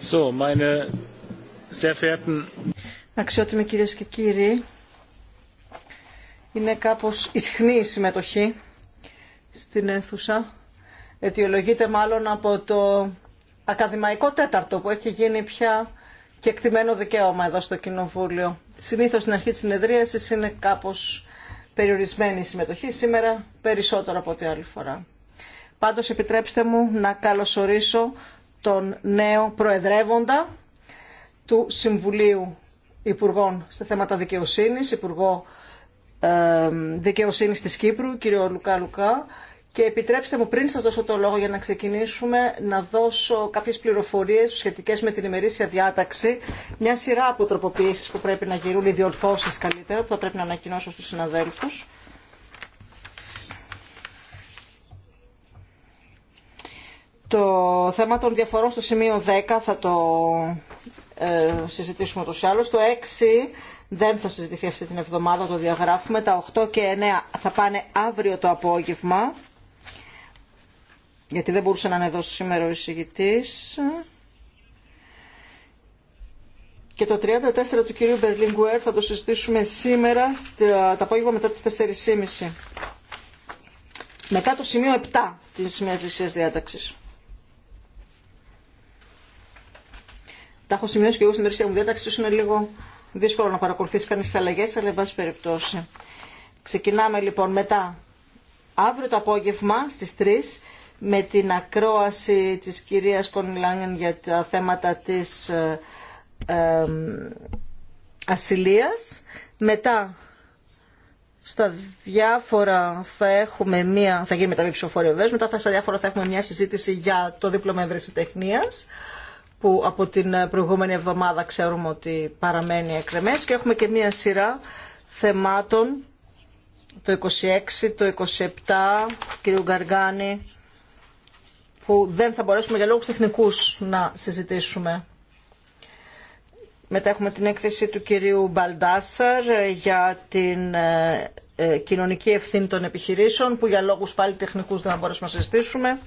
So, meine sehr Αξιότιμοι κυρίες και κύριοι, είναι κάπως ισχνή η συμμετοχή στην αίθουσα. Αιτιολογείται μάλλον από το ακαδημαϊκό τέταρτο που έχει γίνει πια και εκτιμένο δικαίωμα εδώ στο Κοινοβούλιο. Συνήθως στην αρχή της συνεδρίασης είναι κάπως περιορισμένη η συμμετοχή, σήμερα περισσότερο από ό,τι άλλη φορά. Πάντως επιτρέψτε μου να καλωσορίσω τον νέο προεδρεύοντα του Συμβουλίου Υπουργών σε θέματα δικαιοσύνης, Υπουργό ε, Δικαιοσύνης της Κύπρου, κύριο Λουκά Λουκά. Και επιτρέψτε μου πριν σας δώσω το λόγο για να ξεκινήσουμε να δώσω κάποιες πληροφορίες σχετικές με την ημερήσια διάταξη, μια σειρά από τροποποιήσεις που πρέπει να γυρούν οι διορθώσεις καλύτερα, που θα πρέπει να ανακοινώσω στους συναδέλφους. Το θέμα των διαφορών στο σημείο 10 θα το ε, συζητήσουμε το άλλο. Το 6 δεν θα συζητηθεί αυτή την εβδομάδα, το διαγράφουμε. Τα 8 και 9 θα πάνε αύριο το απόγευμα, γιατί δεν μπορούσε να είναι εδώ σήμερα ο εισηγητής. Και το 34 του κυρίου Μπερλίνγκουερ θα το συζητήσουμε σήμερα, τα το απόγευμα μετά τις 4.30. Μετά το σημείο 7 της σημερινής διάταξης. Τα έχω σημειώσει και εγώ στην τελευταία μου διάταξη, ίσω είναι λίγο δύσκολο να παρακολουθήσει κανεί τι αλλαγέ, αλλά εν πάση περιπτώσει. Ξεκινάμε λοιπόν μετά αύριο το απόγευμα στις 3 με την ακρόαση τη κυρία Κονιλάνγκεν για τα θέματα τη ε, ε, ασυλίας. Μετά στα διάφορα θα έχουμε μία, θα γίνει μετά με ψηφοφορία βέβαια, μετά στα διάφορα θα έχουμε μια θα γινει μετα μετα στα διαφορα θα εχουμε μια συζητηση για το δίπλωμα ευρεσιτεχνίας που από την ε, προηγούμενη εβδομάδα ξέρουμε ότι παραμένει εκρεμές και έχουμε και μία σειρά θεμάτων το 26, το 27 κ. Γκαργάνη που δεν θα μπορέσουμε για λόγους τεχνικούς να συζητήσουμε. Μετά έχουμε την έκθεση του κυρίου Μπαλντάσαρ για την ε, ε, κοινωνική ευθύνη των επιχειρήσεων που για λόγους πάλι τεχνικούς δεν θα μπορέσουμε να συζητήσουμε.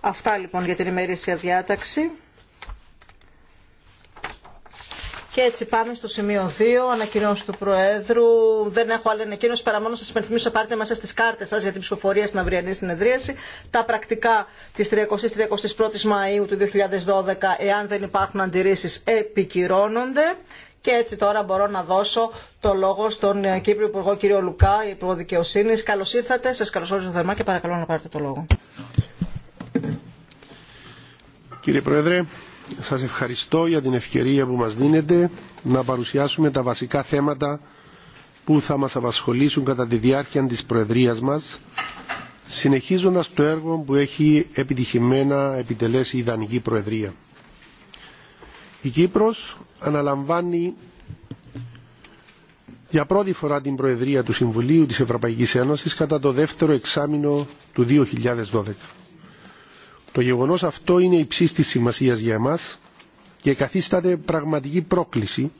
Αυτά λοιπόν για την ημερήσια διάταξη. Και έτσι πάμε στο σημείο 2, ανακοινώσει του Προέδρου. Δεν έχω άλλη ανακοίνωση παρά μόνο σα υπενθυμίσω πάρτε μέσα στι κάρτε σα για την ψηφοφορία στην αυριανή συνεδρίαση. Τα πρακτικά τη 30-31η Μαου του 2012, εάν δεν υπάρχουν αντιρρήσει, επικυρώνονται. Και έτσι τώρα μπορώ να δώσω το λόγο στον Κύπριο Υπουργό κ. Λουκά, Υπουργό Δικαιοσύνη. Καλώ ήρθατε, σα καλωσόριζω θερμά και παρακαλώ να πάρετε το λόγο. Κύριε Πρόεδρε, σας ευχαριστώ για την ευκαιρία που μας δίνετε να παρουσιάσουμε τα βασικά θέματα που θα μας απασχολήσουν κατά τη διάρκεια της Προεδρίας μας, συνεχίζοντας το έργο που έχει επιτυχημένα επιτελέσει η Ιδανική Προεδρία. Η Κύπρος αναλαμβάνει για πρώτη φορά την Προεδρία του Συμβουλίου της Ευρωπαϊκής Ένωσης κατά το δεύτερο εξάμεινο του 2012. Το γεγονός αυτό είναι υψίστης σημασίας για εμάς και καθίσταται πραγματική πρόκληση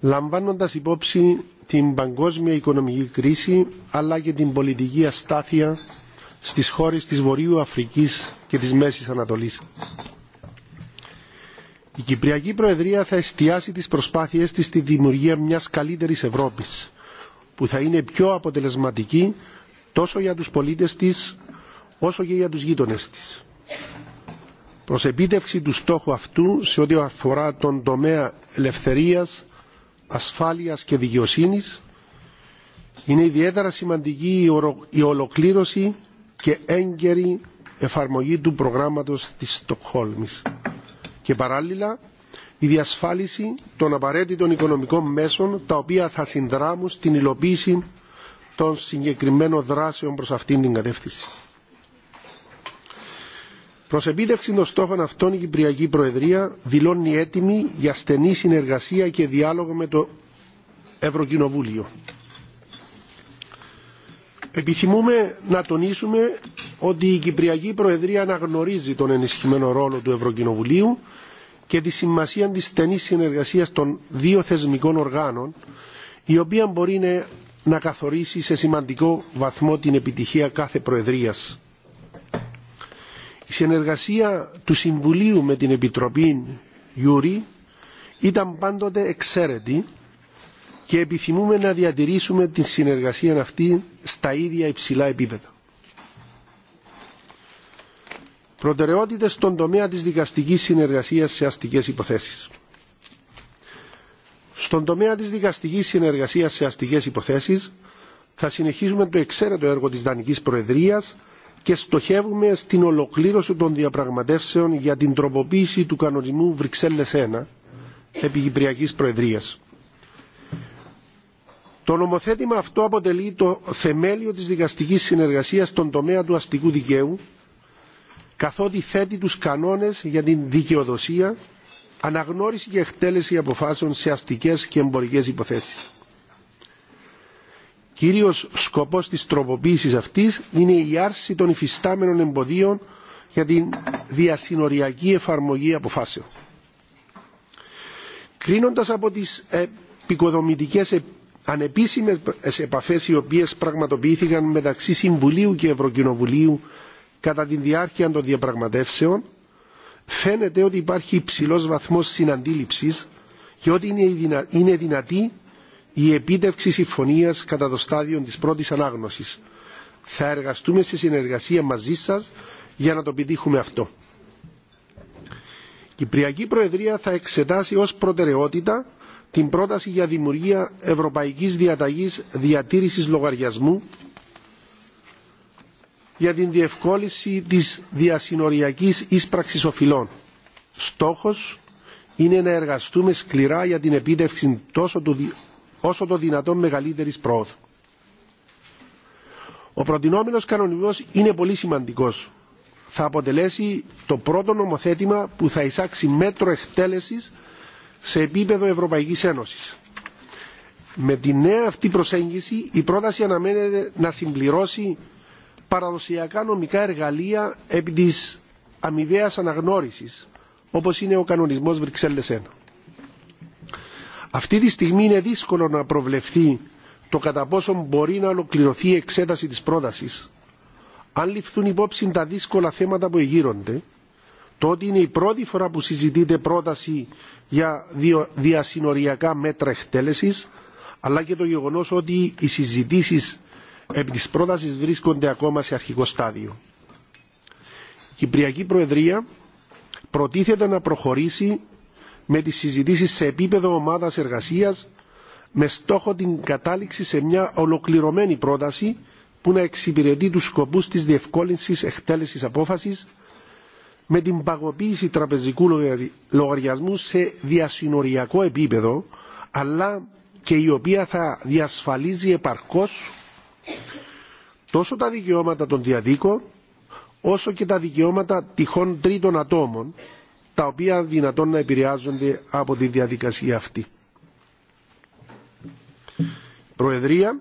λαμβάνοντας υπόψη την παγκόσμια οικονομική κρίση αλλά και την πολιτική αστάθεια στις χώρες της Βορείου Αφρικής και της Μέσης Ανατολής. Η Κυπριακή Προεδρία θα εστιάσει τις προσπάθειές της στη δημιουργία μιας καλύτερης Ευρώπης που θα είναι πιο αποτελεσματική τόσο για τους πολίτες της όσο και για τους γείτονες της. Προς επίτευξη του στόχου αυτού σε ό,τι αφορά τον τομέα ελευθερίας, ασφάλειας και δικαιοσύνης, είναι ιδιαίτερα σημαντική η ολοκλήρωση και έγκαιρη εφαρμογή του προγράμματος της Στοκχόλμης και παράλληλα η διασφάλιση των απαραίτητων οικονομικών μέσων τα οποία θα συνδράμουν στην υλοποίηση των συγκεκριμένων δράσεων προ αυτήν την κατεύθυνση. Προ επίτευξη των στόχων αυτών η Κυπριακή Προεδρία δηλώνει έτοιμη για στενή συνεργασία και διάλογο με το Ευρωκοινοβούλιο. Επιθυμούμε να τονίσουμε ότι η Κυπριακή Προεδρία αναγνωρίζει τον ενισχυμένο ρόλο του Ευρωκοινοβουλίου και τη σημασία της στενής συνεργασίας των δύο θεσμικών οργάνων, η οποία μπορεί να καθορίσει σε σημαντικό βαθμό την επιτυχία κάθε Προεδρίας η συνεργασία του Συμβουλίου με την Επιτροπή Γιούρι ήταν πάντοτε εξαίρετη και επιθυμούμε να διατηρήσουμε τη συνεργασία αυτή στα ίδια υψηλά επίπεδα. Προτεραιότητες στον τομέα της δικαστικής συνεργασίας σε αστικές υποθέσεις. Στον τομέα της δικαστικής συνεργασίας σε αστικές υποθέσεις θα συνεχίσουμε το εξαίρετο έργο της Δανικής Προεδρίας και στοχεύουμε στην ολοκλήρωση των διαπραγματεύσεων για την τροποποίηση του κανονισμού Βρυξέλλες 1 επί Προεδρίας. Το νομοθέτημα αυτό αποτελεί το θεμέλιο της δικαστικής συνεργασίας στον τομέα του αστικού δικαίου, καθότι θέτει τους κανόνες για την δικαιοδοσία, αναγνώριση και εκτέλεση αποφάσεων σε αστικές και εμπορικές υποθέσεις. Κύριος σκοπός της τροποποίησης αυτής είναι η άρση των υφιστάμενων εμποδίων για την διασυνοριακή εφαρμογή αποφάσεων. Κρίνοντας από τις επικοδομητικές ε, ανεπίσημες επαφές οι οποίες πραγματοποιήθηκαν μεταξύ Συμβουλίου και Ευρωκοινοβουλίου κατά τη διάρκεια των διαπραγματεύσεων, φαίνεται ότι υπάρχει υψηλός βαθμός συναντήληψης και ότι είναι δυνατή η επίτευξη συμφωνίας κατά το στάδιο της πρώτης ανάγνωσης. Θα εργαστούμε σε συνεργασία μαζί σας για να το επιτύχουμε αυτό. Η Κυπριακή Προεδρία θα εξετάσει ως προτεραιότητα την πρόταση για δημιουργία Ευρωπαϊκής Διαταγής Διατήρησης Λογαριασμού για την διευκόλυνση της διασυνοριακής ίσπραξης οφειλών. Στόχος είναι να εργαστούμε σκληρά για την επίτευξη τόσο του όσο το δυνατόν μεγαλύτερης πρόοδου. Ο προτινόμενος κανονισμός είναι πολύ σημαντικός. Θα αποτελέσει το πρώτο νομοθέτημα που θα εισάξει μέτρο εκτέλεσης σε επίπεδο Ευρωπαϊκής Ένωσης. Με τη νέα αυτή προσέγγιση η πρόταση αναμένεται να συμπληρώσει παραδοσιακά νομικά εργαλεία επί της αμοιβαίας αναγνώρισης όπως είναι ο κανονισμός Βρυξέλλες 1. Αυτή τη στιγμή είναι δύσκολο να προβλεφθεί το κατά πόσο μπορεί να ολοκληρωθεί η εξέταση της πρότασης. Αν ληφθούν υπόψη τα δύσκολα θέματα που εγείρονται, το ότι είναι η πρώτη φορά που συζητείται πρόταση για διασυνοριακά μέτρα εκτέλεσης, αλλά και το γεγονός ότι οι συζητήσεις επί της πρότασης βρίσκονται ακόμα σε αρχικό στάδιο. Η Κυπριακή Προεδρία προτίθεται να προχωρήσει με τις συζητήσεις σε επίπεδο ομάδας εργασίας με στόχο την κατάληξη σε μια ολοκληρωμένη πρόταση που να εξυπηρετεί τους σκοπούς της διευκόλυνσης εκτέλεσης απόφασης με την παγωποίηση τραπεζικού λογαριασμού σε διασυνοριακό επίπεδο αλλά και η οποία θα διασφαλίζει επαρκώς τόσο τα δικαιώματα των διαδίκων όσο και τα δικαιώματα τυχόν τρίτων ατόμων τα οποία δυνατόν να επηρεάζονται από τη διαδικασία αυτή. Προεδρία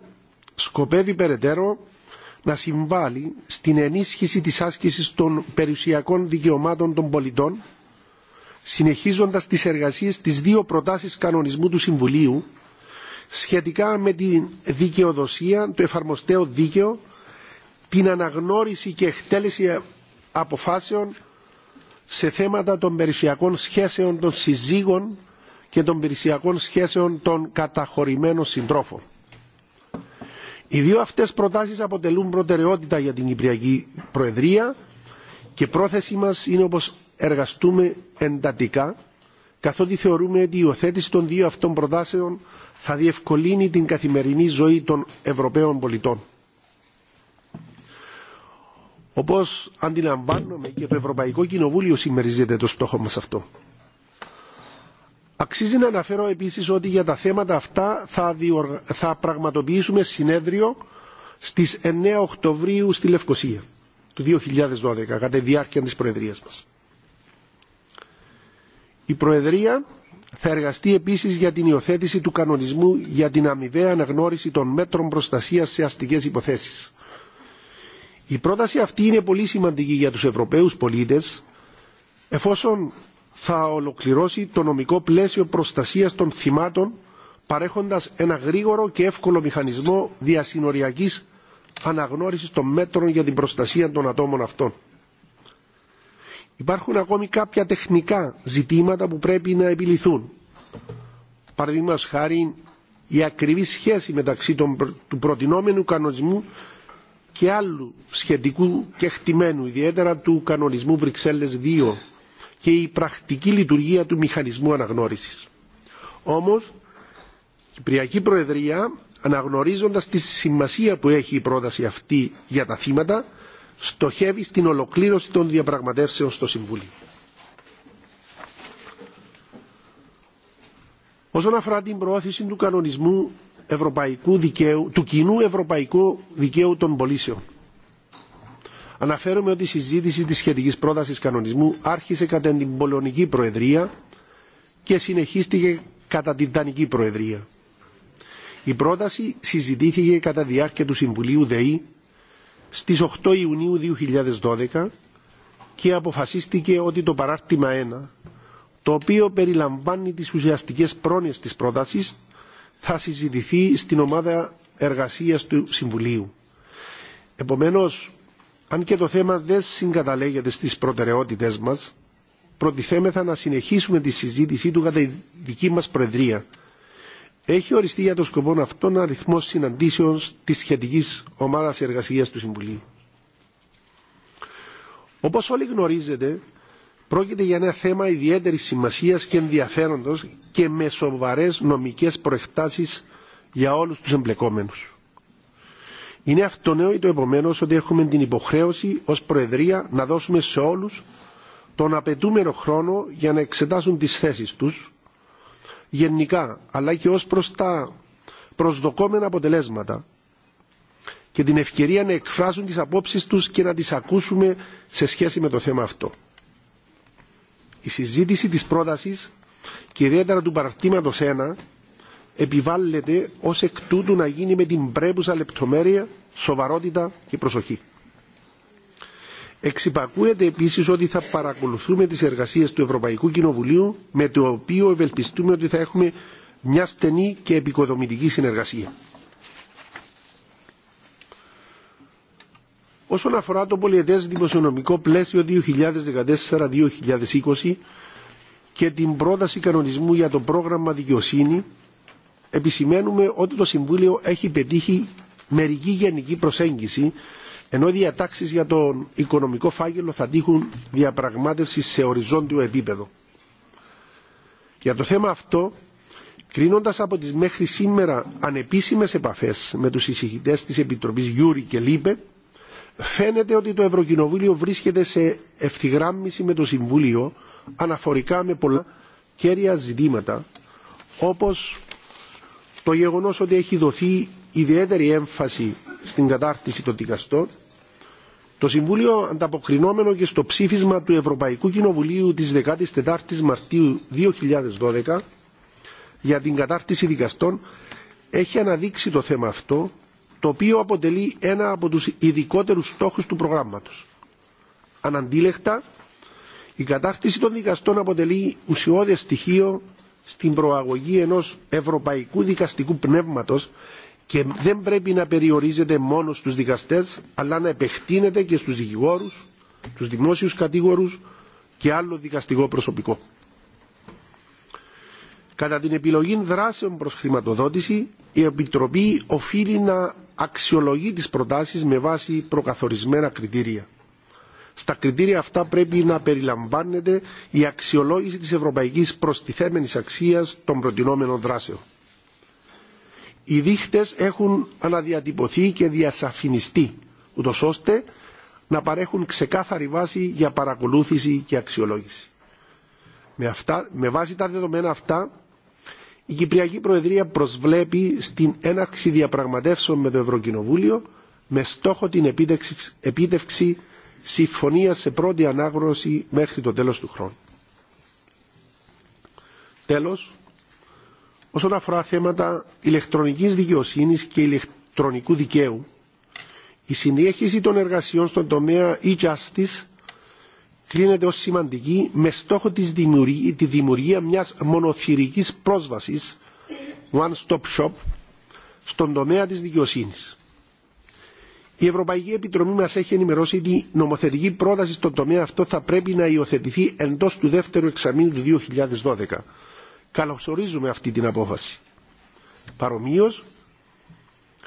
σκοπεύει περαιτέρω να συμβάλλει στην ενίσχυση της άσκησης των περιουσιακών δικαιωμάτων των πολιτών, συνεχίζοντας τις εργασίες της δύο προτάσεις κανονισμού του Συμβουλίου σχετικά με τη δικαιοδοσία, το εφαρμοστέο δίκαιο, την αναγνώριση και εκτέλεση αποφάσεων σε θέματα των περιουσιακών σχέσεων των συζύγων και των περιουσιακών σχέσεων των καταχωρημένων συντρόφων. Οι δύο αυτές προτάσεις αποτελούν προτεραιότητα για την Κυπριακή Προεδρία και πρόθεση μας είναι όπως εργαστούμε εντατικά καθότι θεωρούμε ότι η υιοθέτηση των δύο αυτών προτάσεων θα διευκολύνει την καθημερινή ζωή των Ευρωπαίων πολιτών. Όπω αντιλαμβάνομαι και το Ευρωπαϊκό Κοινοβούλιο συμμερίζεται το στόχο μα αυτό. Αξίζει να αναφέρω επίση ότι για τα θέματα αυτά θα, πραγματοποιήσουμε συνέδριο στι 9 Οκτωβρίου στη Λευκοσία του 2012 κατά τη διάρκεια τη Προεδρία μα. Η Προεδρία θα εργαστεί επίση για την υιοθέτηση του κανονισμού για την αμοιβαία αναγνώριση των μέτρων προστασία σε αστικέ υποθέσει. Η πρόταση αυτή είναι πολύ σημαντική για τους Ευρωπαίους πολίτες εφόσον θα ολοκληρώσει το νομικό πλαίσιο προστασίας των θυμάτων παρέχοντας ένα γρήγορο και εύκολο μηχανισμό διασυνοριακής αναγνώρισης των μέτρων για την προστασία των ατόμων αυτών. Υπάρχουν ακόμη κάποια τεχνικά ζητήματα που πρέπει να επιληθούν. Παραδείγματο χάρη η ακριβή σχέση μεταξύ του προτινόμενου κανονισμού και άλλου σχετικού και χτυμένου, ιδιαίτερα του κανονισμού Βρυξέλλες 2 και η πρακτική λειτουργία του μηχανισμού αναγνώρισης. Όμως, η Κυπριακή Προεδρία, αναγνωρίζοντας τη σημασία που έχει η πρόταση αυτή για τα θύματα, στοχεύει στην ολοκλήρωση των διαπραγματεύσεων στο Συμβούλιο. Όσον αφορά την προώθηση του κανονισμού ευρωπαϊκού του κοινού ευρωπαϊκού δικαίου των πολίσεων. Αναφέρομαι ότι η συζήτηση της σχετικής πρότασης κανονισμού άρχισε κατά την Πολωνική Προεδρία και συνεχίστηκε κατά την Δανική Προεδρία. Η πρόταση συζητήθηκε κατά διάρκεια του Συμβουλίου ΔΕΗ στις 8 Ιουνίου 2012 και αποφασίστηκε ότι το παράρτημα 1, το οποίο περιλαμβάνει τις ουσιαστικές πρόνοιες της πρότασης, θα συζητηθεί στην ομάδα εργασίας του Συμβουλίου. Επομένως, αν και το θέμα δεν συγκαταλέγεται στις προτεραιότητες μας, προτιθέμεθα να συνεχίσουμε τη συζήτησή του κατά τη δική μας Προεδρία. Έχει οριστεί για το σκοπό αυτόν αριθμός αριθμό συναντήσεων της σχετικής ομάδας εργασίας του Συμβουλίου. Όπως όλοι γνωρίζετε, Πρόκειται για ένα θέμα ιδιαίτερη σημασία και ενδιαφέροντο και με σοβαρέ νομικέ προεκτάσει για όλου του εμπλεκόμενου. Είναι το επομένω ότι έχουμε την υποχρέωση ω Προεδρία να δώσουμε σε όλου τον απαιτούμενο χρόνο για να εξετάσουν τι θέσει του γενικά αλλά και ω προ τα προσδοκόμενα αποτελέσματα και την ευκαιρία να εκφράσουν τις απόψεις τους και να τις ακούσουμε σε σχέση με το θέμα αυτό. Η συζήτηση της πρότασης και ιδιαίτερα του παραρτήματος 1 επιβάλλεται ως εκ τούτου να γίνει με την πρέπουσα λεπτομέρεια, σοβαρότητα και προσοχή. Εξυπακούεται επίσης ότι θα παρακολουθούμε τις εργασίες του Ευρωπαϊκού Κοινοβουλίου με το οποίο ευελπιστούμε ότι θα έχουμε μια στενή και επικοδομητική συνεργασία. Όσον αφορά το πολιετές δημοσιονομικό πλαίσιο 2014-2020 και την πρόταση κανονισμού για το πρόγραμμα δικαιοσύνη, επισημαίνουμε ότι το Συμβούλιο έχει πετύχει μερική γενική προσέγγιση, ενώ οι διατάξεις για τον οικονομικό φάγελο θα τύχουν διαπραγμάτευση σε οριζόντιο επίπεδο. Για το θέμα αυτό, κρίνοντας από τις μέχρι σήμερα ανεπίσημες επαφές με τους εισηγητές της Επιτροπής Γιούρη και Λίπε, Φαίνεται ότι το Ευρωκοινοβούλιο βρίσκεται σε ευθυγράμμιση με το Συμβούλιο αναφορικά με πολλά κέρια ζητήματα όπως το γεγονός ότι έχει δοθεί ιδιαίτερη έμφαση στην κατάρτιση των δικαστών το Συμβούλιο ανταποκρινόμενο και στο ψήφισμα του Ευρωπαϊκού Κοινοβουλίου της 14ης Μαρτίου 2012 για την κατάρτιση δικαστών έχει αναδείξει το θέμα αυτό το οποίο αποτελεί ένα από τους ειδικότερους στόχους του προγράμματος. Αναντίλεχτα, η κατάκτηση των δικαστών αποτελεί ουσιώδες στοιχείο στην προαγωγή ενός ευρωπαϊκού δικαστικού πνεύματος και δεν πρέπει να περιορίζεται μόνο στους δικαστές, αλλά να επεκτείνεται και στους δικηγόρους, τους δημόσιους κατήγορους και άλλο δικαστικό προσωπικό. Κατά την επιλογή δράσεων προς χρηματοδότηση, η Επιτροπή οφείλει να αξιολογεί τις προτάσεις με βάση προκαθορισμένα κριτήρια. Στα κριτήρια αυτά πρέπει να περιλαμβάνεται η αξιολόγηση της ευρωπαϊκής προστιθέμενης αξίας των προτινόμενων δράσεων. Οι δείχτες έχουν αναδιατυπωθεί και διασαφινιστεί, ούτω ώστε να παρέχουν ξεκάθαρη βάση για παρακολούθηση και αξιολόγηση. με βάση τα δεδομένα αυτά, η Κυπριακή Προεδρία προσβλέπει στην έναρξη διαπραγματεύσεων με το Ευρωκοινοβούλιο με στόχο την επίτευξη συμφωνία σε πρώτη ανάγνωση μέχρι το τέλος του χρόνου. Τέλος, όσον αφορά θέματα ηλεκτρονικής δικαιοσύνης και ηλεκτρονικού δικαίου, η συνέχιση των εργασιών στον τομέα e-justice κρίνεται ως σημαντική με στόχο τη δημιουργία μιας μονοθυρικής πρόσβασης one-stop shop στον τομέα της δικαιοσύνης. Η Ευρωπαϊκή Επιτροπή μας έχει ενημερώσει ότι η νομοθετική πρόταση στον τομέα αυτό θα πρέπει να υιοθετηθεί εντός του δεύτερου εξαμήνου του 2012. Καλωσορίζουμε αυτή την απόφαση. Παρομοίως,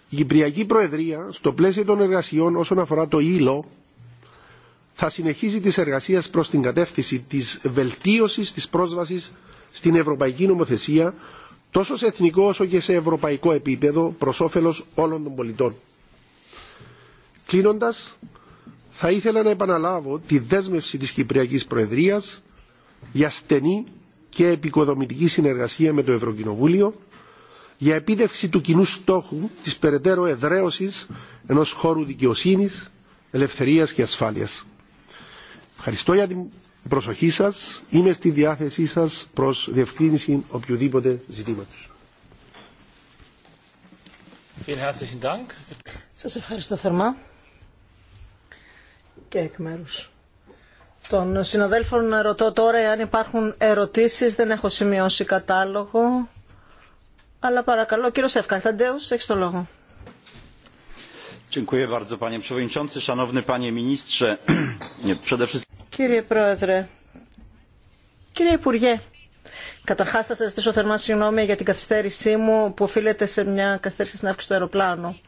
η Κυπριακή Προεδρία, στο πλαίσιο των εργασιών όσον αφορά το ήλο, θα συνεχίσει τις εργασίες προς την κατεύθυνση της βελτίωσης της πρόσβασης στην ευρωπαϊκή νομοθεσία τόσο σε εθνικό όσο και σε ευρωπαϊκό επίπεδο προς όφελος όλων των πολιτών. Κλείνοντας, θα ήθελα να επαναλάβω τη δέσμευση της Κυπριακής Προεδρίας για στενή και επικοδομητική συνεργασία με το Ευρωκοινοβούλιο για επίτευξη του κοινού στόχου της περαιτέρω εδραίωσης ενός χώρου δικαιοσύνης, ελευθερίας και ασφάλειας. Ευχαριστώ για την προσοχή σας. Είμαι στη διάθεσή σας προς διευκρίνηση οποιοδήποτε ζητήματος. Σας ευχαριστώ θερμά και εκ μέρους των συναδέλφων ρωτώ τώρα αν υπάρχουν ερωτήσεις. Δεν έχω σημειώσει κατάλογο. Αλλά παρακαλώ, κύριο Σεύκα, Ταντέους, έχεις το λόγο. Dziękuję bardzo panie przewodniczący, szanowny panie ministrze. Przede wszystkim Κύριε Πρόεδρε, κύριε Υπουργέ, καταρχάς θα σα ζητήσω θερμά συγγνώμη για την καθυστέρησή μου που οφείλεται σε μια καθυστέρηση στην αύξηση του αεροπλάνου.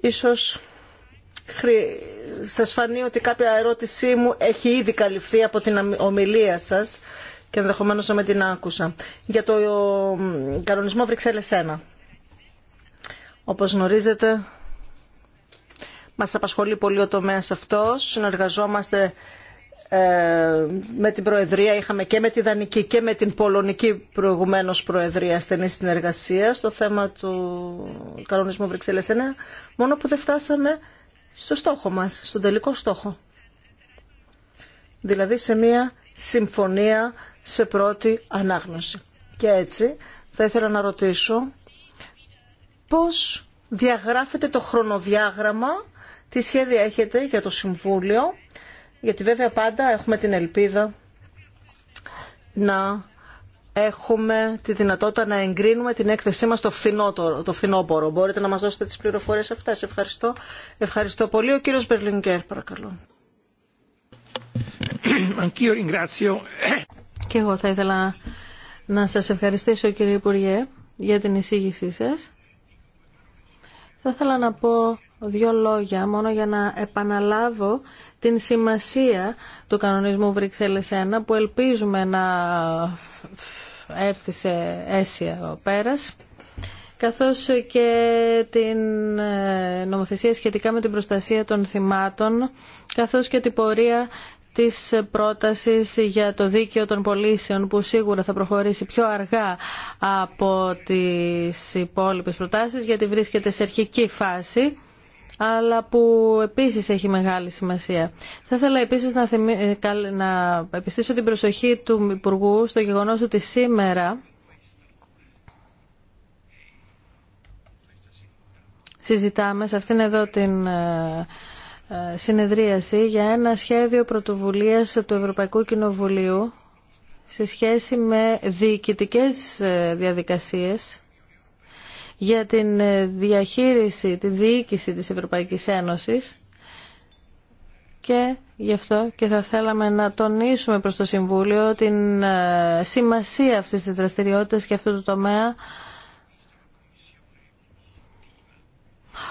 Ίσως σας φανεί ότι κάποια ερώτησή μου έχει ήδη καλυφθεί από την ομιλία σας και ενδεχομένω να με την άκουσα. Για το κανονισμό Βρυξέλλε 1. Όπως γνωρίζετε, μας απασχολεί πολύ ο τομέας αυτός. Συνεργαζόμαστε ε, με την Προεδρία, είχαμε και με τη Δανική και με την Πολωνική προηγουμένως Προεδρία στενή συνεργασία στο θέμα του κανονισμού Βρυξέλλες 9, μόνο που δεν φτάσαμε στο στόχο μας, στον τελικό στόχο. Δηλαδή σε μια συμφωνία σε πρώτη ανάγνωση. Και έτσι θα ήθελα να ρωτήσω πώς διαγράφεται το χρονοδιάγραμμα τι σχέδια έχετε για το Συμβούλιο, γιατί βέβαια πάντα έχουμε την ελπίδα να έχουμε τη δυνατότητα να εγκρίνουμε την έκθεσή μας το, φθηνό το φθινόπορο. Μπορείτε να μας δώσετε τις πληροφορίες αυτές. Ευχαριστώ. Ευχαριστώ πολύ. Ο κύριος Μπερλιγκέρ, παρακαλώ. Και εγώ θα ήθελα να σας ευχαριστήσω κύριε Υπουργέ για την εισήγησή σας. Θα ήθελα να πω δύο λόγια μόνο για να επαναλάβω την σημασία του κανονισμού Βρυξέλλες 1 που ελπίζουμε να έρθει σε αίσια ο πέρας καθώς και την ε, νομοθεσία σχετικά με την προστασία των θυμάτων καθώς και την πορεία της πρότασης για το δίκαιο των πολίσεων που σίγουρα θα προχωρήσει πιο αργά από τις υπόλοιπες προτάσεις γιατί βρίσκεται σε αρχική φάση αλλά που επίσης έχει μεγάλη σημασία. Θα ήθελα επίσης να, ε, να επιστήσω την προσοχή του Υπουργού στο γεγονός ότι σήμερα συζητάμε σε αυτήν εδώ την ε, ε, συνεδρίαση για ένα σχέδιο πρωτοβουλίας του Ευρωπαϊκού Κοινοβουλίου σε σχέση με διοικητικές διαδικασίες για την ε, διαχείριση, τη διοίκηση της Ευρωπαϊκής Ένωσης και γι' αυτό και θα θέλαμε να τονίσουμε προς το Συμβούλιο την ε, σημασία αυτής της δραστηριότητας και αυτού του τομέα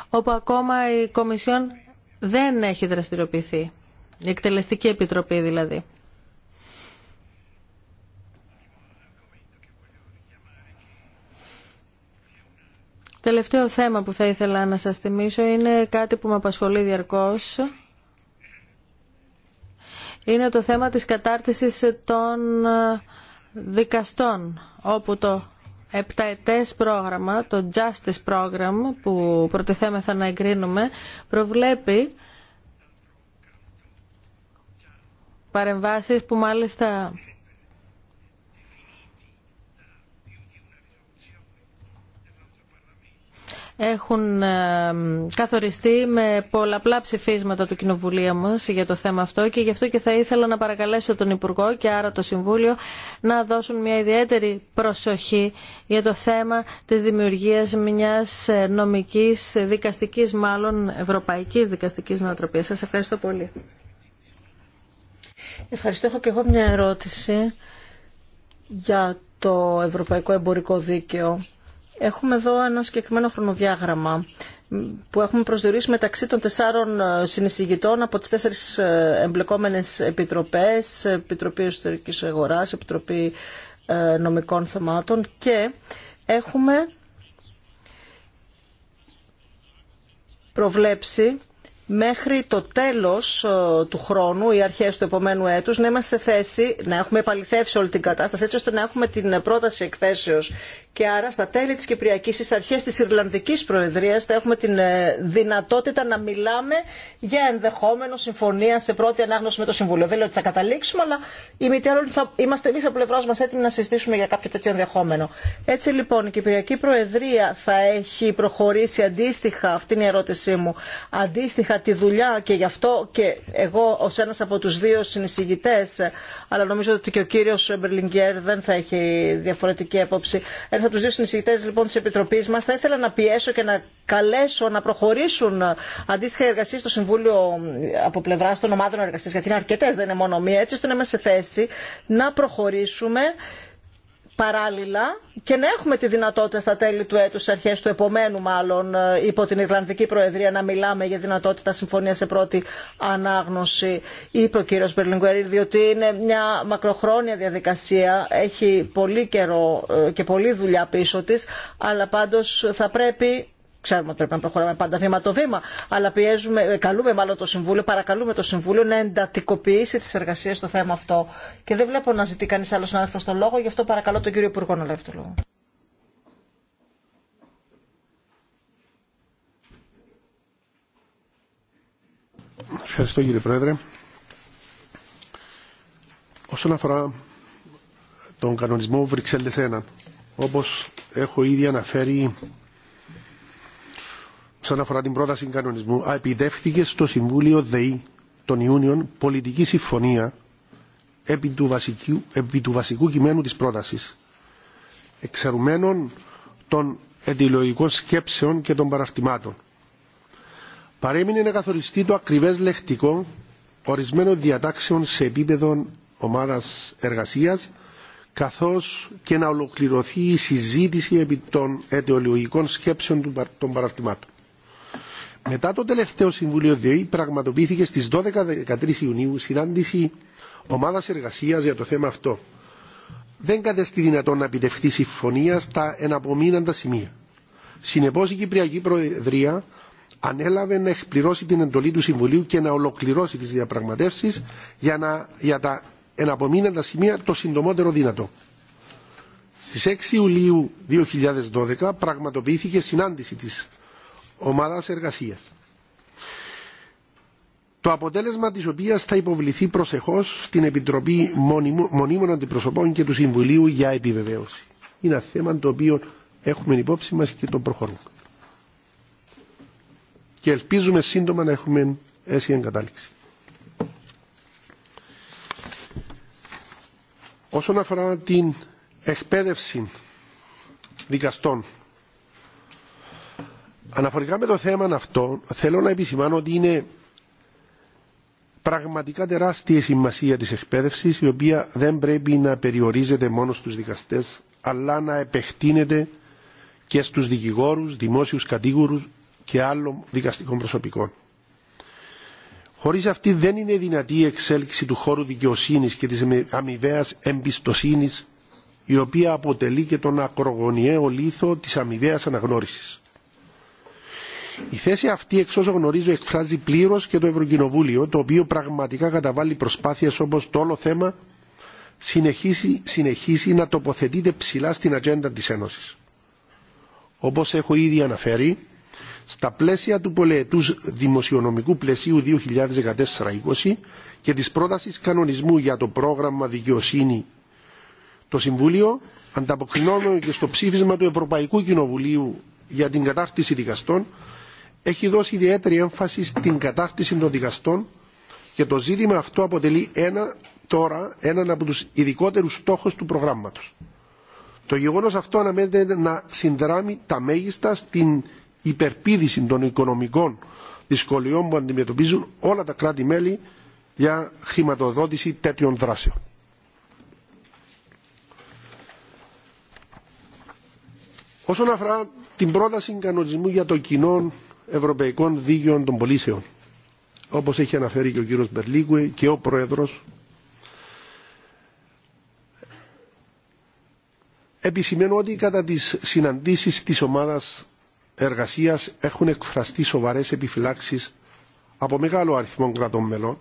όπου ακόμα η Κομισιόν δεν έχει δραστηριοποιηθεί, η Εκτελεστική Επιτροπή δηλαδή. Τελευταίο θέμα που θα ήθελα να σας θυμίσω είναι κάτι που με απασχολεί διαρκώς. Είναι το θέμα της κατάρτισης των ε, δικαστών, όπου το επταετές πρόγραμμα, το Justice Program, που προτιθέμεθα να εγκρίνουμε, προβλέπει παρεμβάσεις που μάλιστα έχουν καθοριστεί με πολλαπλά ψηφίσματα του Κοινοβουλίου μας για το θέμα αυτό και γι' αυτό και θα ήθελα να παρακαλέσω τον Υπουργό και άρα το Συμβούλιο να δώσουν μια ιδιαίτερη προσοχή για το θέμα της δημιουργίας μιας ε, νομικής, δικαστικής μάλλον, ευρωπαϊκής δικαστικής νοοτροπίας. Σας ευχαριστώ πολύ. Ευχαριστώ. Έχω και εγώ μια ερώτηση για το Ευρωπαϊκό Εμπορικό Δίκαιο Έχουμε εδώ ένα συγκεκριμένο χρονοδιάγραμμα που έχουμε προσδιορίσει μεταξύ των τεσσάρων ε, συνεισηγητών από τις τέσσερις ε, εμπλεκόμενες επιτροπές, Επιτροπή Ιστορικής Αγοράς, Επιτροπή ε, Νομικών Θεμάτων και έχουμε προβλέψει μέχρι το τέλος ε, του χρόνου ή αρχές του επομένου έτους να είμαστε σε θέση να έχουμε επαληθεύσει όλη την κατάσταση έτσι ώστε να έχουμε την πρόταση εκθέσεως και άρα στα τέλη της Κυπριακής ή στις αρχές της Ιρλανδικής Προεδρίας θα έχουμε την ε, δυνατότητα να μιλάμε για ενδεχόμενο συμφωνία σε πρώτη ανάγνωση με το Συμβούλιο. Δεν λέω ότι θα καταλήξουμε αλλά η μητέρα θα είμαστε εμείς από πλευράς μας έτοιμοι να συζητήσουμε για κάποιο τέτοιο ενδεχόμενο. Έτσι λοιπόν η Κυπριακή Προεδρία θα έχει προχωρήσει αντίστοιχα, αυτή η ερώτησή μου, αντίστοιχα τη δουλειά και γι' αυτό και εγώ ως ένας από τους δύο συνεισηγητές, αλλά νομίζω ότι και ο κύριος Μπερλιγκέρ δεν θα έχει διαφορετική έποψη, ένας από τους δύο συνεισηγητές λοιπόν της Επιτροπής μας, θα ήθελα να πιέσω και να καλέσω να προχωρήσουν αντίστοιχα εργασίες στο Συμβούλιο από πλευρά των ομάδων εργασίας, γιατί είναι αρκετές, δεν είναι μόνο μία, έτσι ώστε να είμαστε σε θέση να προχωρήσουμε παράλληλα και να έχουμε τη δυνατότητα στα τέλη του έτους, αρχές του επομένου μάλλον, ε, υπό την Ιρλανδική Προεδρία να μιλάμε για δυνατότητα συμφωνία σε πρώτη ανάγνωση, είπε ο κύριος Μπερλιγκουερίρ, διότι είναι μια μακροχρόνια διαδικασία, έχει πολύ καιρό ε, και πολλή δουλειά πίσω της, αλλά πάντως θα πρέπει Ξέρουμε ότι πρέπει να προχωράμε πάντα βήμα το βήμα, αλλά πιέζουμε, ε, καλούμε μάλλον το Συμβούλιο, παρακαλούμε το Συμβούλιο να εντατικοποιήσει τι εργασίε στο θέμα αυτό. Και δεν βλέπω να ζητεί κανεί άλλο συνάδελφο τον λόγο, γι' αυτό παρακαλώ τον κύριο Υπουργό να λάβει το λόγο. Ευχαριστώ κύριε Πρόεδρε. Όσον αφορά τον κανονισμό Βρυξέλλες 1, όπως έχω ήδη αναφέρει Όσον αφορά την πρόταση κανονισμού, επιτεύχθηκε στο Συμβούλιο ΔΕΗ των Ιούνιων πολιτική συμφωνία επί του βασικού, επί του βασικού κειμένου της πρότασης, εξαιρουμένων των εντυλογικών σκέψεων και των παραστημάτων. Παρέμεινε να καθοριστεί το ακριβές λεκτικό ορισμένων διατάξεων σε επίπεδο ομάδας εργασίας, καθώς και να ολοκληρωθεί η συζήτηση επί των αιτιολογικών σκέψεων των παραστημάτων. Μετά το τελευταίο Συμβούλιο ΔΕΗ πραγματοποιήθηκε στις 12-13 Ιουνίου συνάντηση ομάδας εργασίας για το θέμα αυτό. Δεν κατέστη δυνατόν να επιτευχθεί συμφωνία στα εναπομείναντα σημεία. Συνεπώς η Κυπριακή Προεδρία ανέλαβε να εκπληρώσει την εντολή του Συμβουλίου και να ολοκληρώσει τις διαπραγματεύσεις για, να, για τα εναπομείναντα σημεία το συντομότερο δυνατό. Στις 6 Ιουλίου 2012 πραγματοποιήθηκε συνάντηση της ομάδας εργασίας. Το αποτέλεσμα της οποίας θα υποβληθεί προσεχώς στην Επιτροπή Μονίμων Αντιπροσωπών και του Συμβουλίου για επιβεβαίωση. Είναι ένα θέμα το οποίο έχουμε υπόψη μας και τον προχωρούμε. Και ελπίζουμε σύντομα να έχουμε έση εγκατάληξη. Όσον αφορά την εκπαίδευση δικαστών Αναφορικά με το θέμα αυτό, θέλω να επισημάνω ότι είναι πραγματικά τεράστια σημασία της εκπαίδευσης, η οποία δεν πρέπει να περιορίζεται μόνο στους δικαστές, αλλά να επεκτείνεται και στους δικηγόρους, δημόσιους κατήγορους και άλλων δικαστικών προσωπικών. Χωρίς αυτή δεν είναι δυνατή η εξέλιξη του χώρου δικαιοσύνης και της αμοιβαία εμπιστοσύνης, η οποία αποτελεί και τον ακρογωνιαίο λίθο της αμοιβαία αναγνώρισης. Η θέση αυτή, εξ όσο γνωρίζω, εκφράζει πλήρω και το Ευρωκοινοβούλιο, το οποίο πραγματικά καταβάλει προσπάθειε όπω το όλο θέμα συνεχίσει, συνεχίσει να τοποθετείται ψηλά στην ατζέντα τη Ένωση. Όπω έχω ήδη αναφέρει, στα πλαίσια του πολεετου δημοσιονομικου δημοσιονομικού πλαισίου 2014-20 και τη πρόταση κανονισμού για το πρόγραμμα δικαιοσύνη, το Συμβούλιο ανταποκρινώνω και στο ψήφισμα του Ευρωπαϊκού Κοινοβουλίου για την κατάρτιση δικαστών έχει δώσει ιδιαίτερη έμφαση στην κατάρτιση των δικαστών και το ζήτημα αυτό αποτελεί ένα, τώρα έναν από τους ειδικότερους στόχους του προγράμματος. Το γεγονός αυτό αναμένεται να συνδράμει τα μέγιστα στην υπερπίδηση των οικονομικών δυσκολιών που αντιμετωπίζουν όλα τα κράτη-μέλη για χρηματοδότηση τέτοιων δράσεων. Όσον αφορά την πρόταση κανονισμού για το κοινό Ευρωπαϊκών Δίκαιων των Πολίσεων. Όπως έχει αναφέρει και ο κύριος Μπερλίγκουε και ο Πρόεδρος, επισημαίνω ότι κατά τις συναντήσεις της ομάδας εργασίας έχουν εκφραστεί σοβαρές επιφυλάξεις από μεγάλο αριθμό κρατών μελών,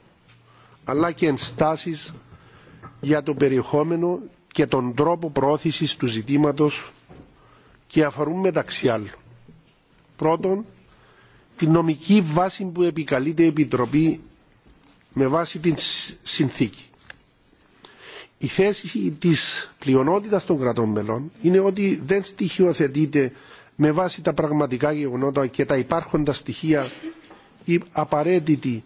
αλλά και ενστάσεις για το περιεχόμενο και τον τρόπο προώθησης του ζητήματος και αφορούν μεταξύ άλλων. Πρώτον, την νομική βάση που επικαλείται η Επιτροπή με βάση την συνθήκη. Η θέση της πλειονότητας των κρατών μελών είναι ότι δεν στοιχειοθετείται με βάση τα πραγματικά γεγονότα και τα υπάρχοντα στοιχεία η απαραίτητη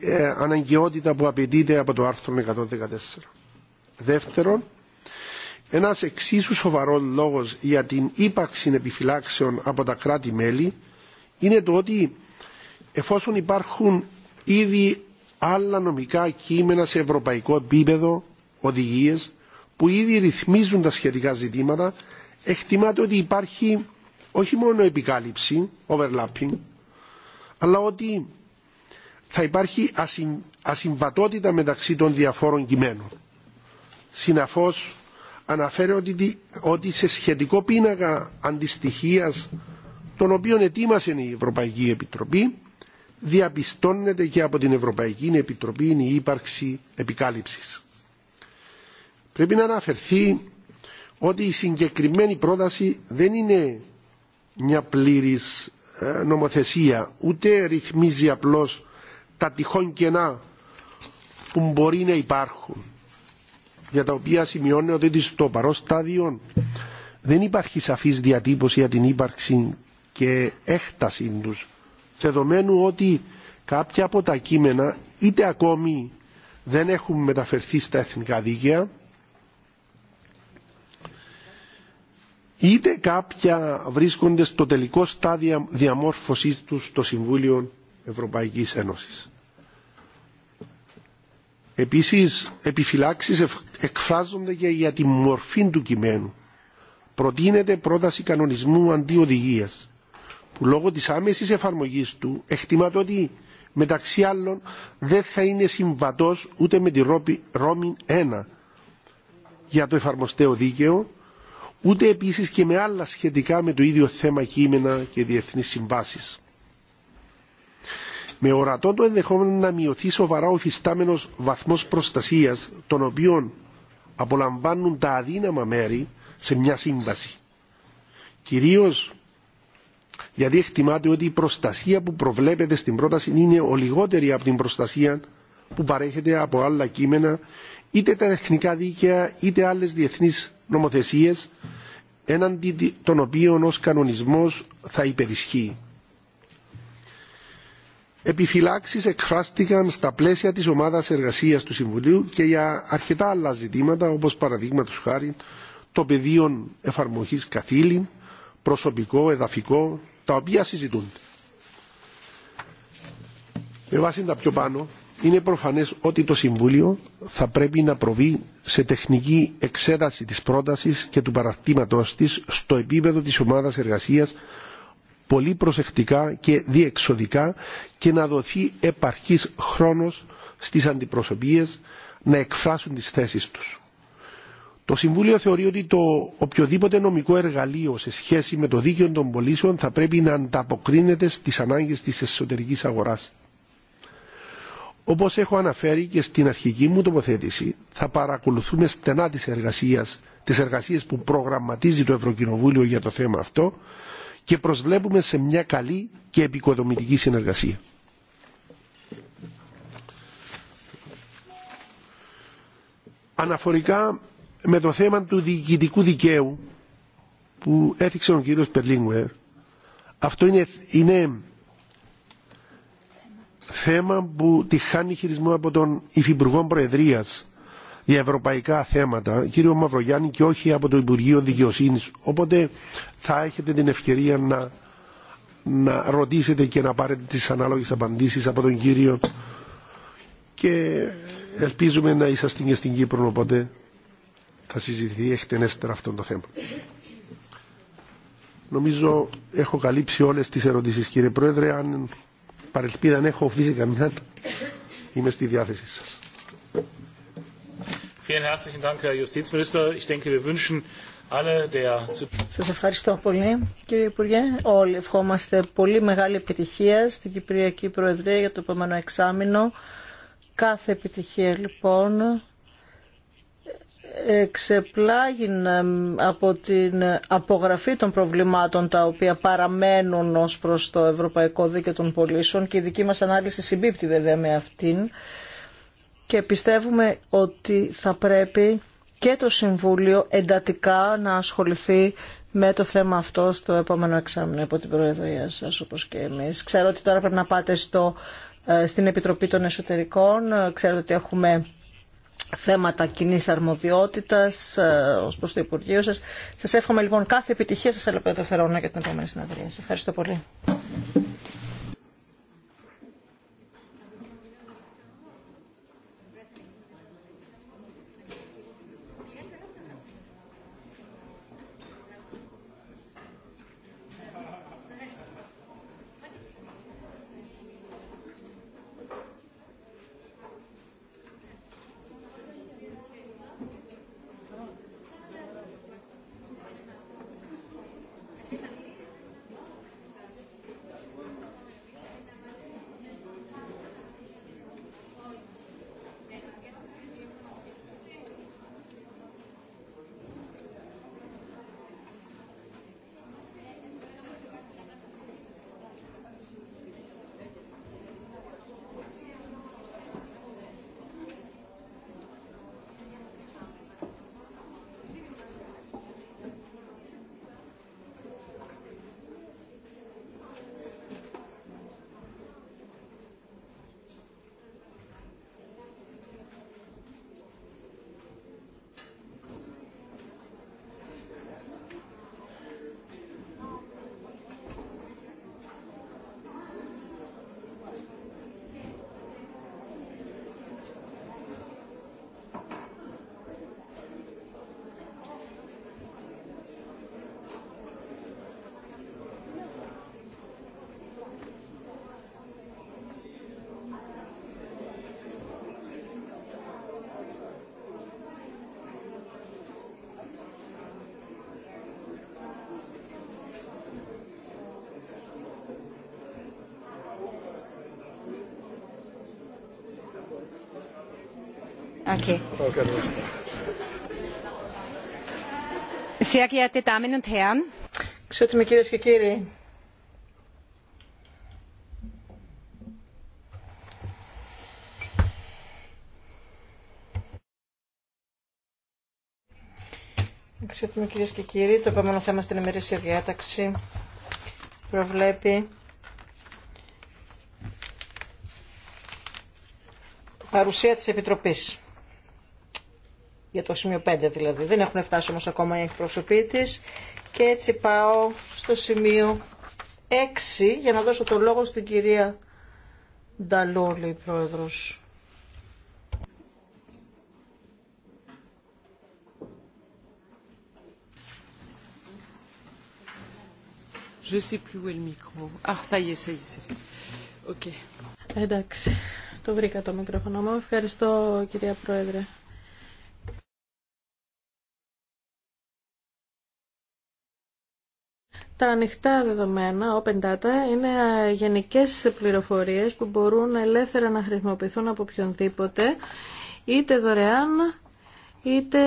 ε, αναγκαιότητα που απαιτείται από το άρθρο 114. Δεύτερον, ένας εξίσου σοβαρός λόγος για την ύπαρξη επιφυλάξεων από τα κράτη-μέλη είναι το ότι εφόσον υπάρχουν ήδη άλλα νομικά κείμενα σε ευρωπαϊκό επίπεδο, οδηγίες, που ήδη ρυθμίζουν τα σχετικά ζητήματα, εκτιμάται ότι υπάρχει όχι μόνο επικάλυψη, overlapping, αλλά ότι θα υπάρχει ασυμ, ασυμβατότητα μεταξύ των διαφόρων κειμένων. Συναφώς αναφέρει ότι, ότι σε σχετικό πίνακα αντιστοιχίας τον οποίο ετοίμασε η Ευρωπαϊκή Επιτροπή, διαπιστώνεται και από την Ευρωπαϊκή Επιτροπή η ύπαρξη επικάλυψης. Πρέπει να αναφερθεί ότι η συγκεκριμένη πρόταση δεν είναι μια πλήρης ε, νομοθεσία, ούτε ρυθμίζει απλώς τα τυχόν κενά που μπορεί να υπάρχουν, για τα οποία σημειώνει ότι στο παρόν στάδιο δεν υπάρχει σαφής διατύπωση για την ύπαρξη και έκτασή τους δεδομένου ότι κάποια από τα κείμενα είτε ακόμη δεν έχουν μεταφερθεί στα εθνικά δίκαια είτε κάποια βρίσκονται στο τελικό στάδιο διαμόρφωσής τους στο Συμβούλιο Ευρωπαϊκής Ένωσης. Επίσης, επιφυλάξεις εκφράζονται και για τη μορφή του κειμένου. Προτείνεται πρόταση κανονισμού αντί οδηγίας που λόγω της άμεσης εφαρμογής του εκτιμάται ότι μεταξύ άλλων δεν θα είναι συμβατός ούτε με τη Ρώμη 1 για το εφαρμοστέο δίκαιο, ούτε επίσης και με άλλα σχετικά με το ίδιο θέμα κείμενα και διεθνείς συμβάσεις. Με ορατό το ενδεχόμενο να μειωθεί σοβαρά ο φυστάμενος βαθμός προστασίας των οποίων απολαμβάνουν τα αδύναμα μέρη σε μια σύμβαση. Κυρίως γιατί εκτιμάται ότι η προστασία που προβλέπεται στην πρόταση είναι λιγότερη από την προστασία που παρέχεται από άλλα κείμενα, είτε τα τεχνικά δίκαια είτε άλλες διεθνείς νομοθεσίες, έναντι των οποίων ως κανονισμός θα υπερισχύει. Επιφυλάξεις εκφράστηκαν στα πλαίσια της ομάδας εργασίας του Συμβουλίου και για αρκετά άλλα ζητήματα, όπως παραδείγματο χάρη το πεδίο εφαρμογής καθήλυν, προσωπικό, εδαφικό, τα οποία συζητούνται. Με βάση τα πιο πάνω, είναι προφανές ότι το Συμβούλιο θα πρέπει να προβεί σε τεχνική εξέταση της πρότασης και του παραρτήματος της στο επίπεδο της ομάδας εργασίας πολύ προσεκτικά και διεξοδικά και να δοθεί επαρχής χρόνος στις αντιπροσωπείες να εκφράσουν τις θέσεις τους. Το Συμβούλιο θεωρεί ότι το οποιοδήποτε νομικό εργαλείο σε σχέση με το δίκαιο των πολίσεων θα πρέπει να ανταποκρίνεται στις ανάγκες της εσωτερικής αγοράς. Όπως έχω αναφέρει και στην αρχική μου τοποθέτηση, θα παρακολουθούμε στενά τις εργασίες, τις εργασίες που προγραμματίζει το Ευρωκοινοβούλιο για το θέμα αυτό και προσβλέπουμε σε μια καλή και επικοδομητική συνεργασία. Αναφορικά με το θέμα του διοικητικού δικαίου που έθιξε ο κύριος Περλίνγκουερ αυτό είναι, είναι θέμα που τη χάνει χειρισμό από τον Υφυπουργό Προεδρίας για ευρωπαϊκά θέματα, κύριο Μαυρογιάννη και όχι από το Υπουργείο Δικαιοσύνης. Οπότε θα έχετε την ευκαιρία να, να ρωτήσετε και να πάρετε τις ανάλογες απαντήσεις από τον κύριο και ελπίζουμε να είσαστε και στην Κύπρο οπότε θα συζητηθεί εκτενέστερα αυτό το θέμα. Νομίζω έχω καλύψει όλες τις ερωτήσεις κύριε Πρόεδρε. Αν παρελπίδα αν έχω φύσικα μια, είμαι στη διάθεσή σας. Σας ευχαριστώ πολύ κύριε Υπουργέ. Όλοι ευχόμαστε πολύ μεγάλη επιτυχία στην Κυπριακή Προεδρία για το επόμενο εξάμεινο. Κάθε επιτυχία λοιπόν εξεπλάγει ε, από την απογραφή των προβλημάτων τα οποία παραμένουν ως προς το Ευρωπαϊκό Δίκαιο των Πολίσεων και η δική μας ανάλυση συμπίπτει βέβαια με αυτήν και πιστεύουμε ότι θα πρέπει και το Συμβούλιο εντατικά να ασχοληθεί με το θέμα αυτό στο επόμενο εξάμεινο από την Προεδρία σας όπως και εμείς. Ξέρω ότι τώρα πρέπει να πάτε ε, στην Επιτροπή των Εσωτερικών, ξέρω ότι έχουμε θέματα κοινή αρμοδιότητα ε, ω προ το Υπουργείο σα. Σα εύχομαι λοιπόν κάθε επιτυχία. Σα ελπίζω για την επόμενη συναντηση. Ευχαριστώ πολύ. Okay. Sehr geehrte Damen und Herren. Ξέρετε Εξαιρετούμε κυρίες και κύριοι, το επόμενο θέμα στην ημερήσια διάταξη προβλέπει παρουσία της Επιτροπής για το σημείο 5 δηλαδή. Δεν έχουν φτάσει όμως ακόμα οι εκπροσωποί Και έτσι πάω στο σημείο 6 για να δώσω το λόγο στην κυρία Νταλόλη, πρόεδρος. Je sais plus où est le micro. Ah, ça y est, c'est Εντάξει, το βρήκα το μικρόφωνο μου. Ευχαριστώ, κυρία Πρόεδρε. τα ανοιχτά δεδομένα, open data, είναι γενικές πληροφορίες που μπορούν ελεύθερα να χρησιμοποιηθούν από οποιονδήποτε, είτε δωρεάν, είτε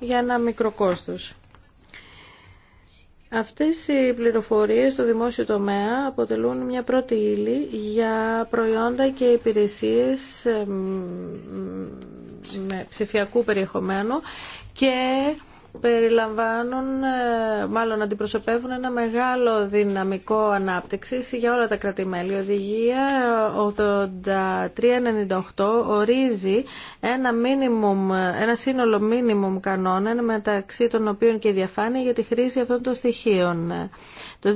για ένα μικρό κόστος. Αυτές οι πληροφορίες στο δημόσιο τομέα αποτελούν μια πρώτη ύλη για προϊόντα και υπηρεσίες με ψηφιακού περιεχομένου και περιλαμβάνουν, ε, μάλλον αντιπροσωπεύουν ένα μεγάλο δυναμικό ανάπτυξη για όλα τα κρατημέλη. Η οδηγία 8398 ορίζει ένα, minimum, ένα σύνολο μίνιμουμ κανόνων μεταξύ των οποίων και η διαφάνεια για τη χρήση αυτών των στοιχείων. Το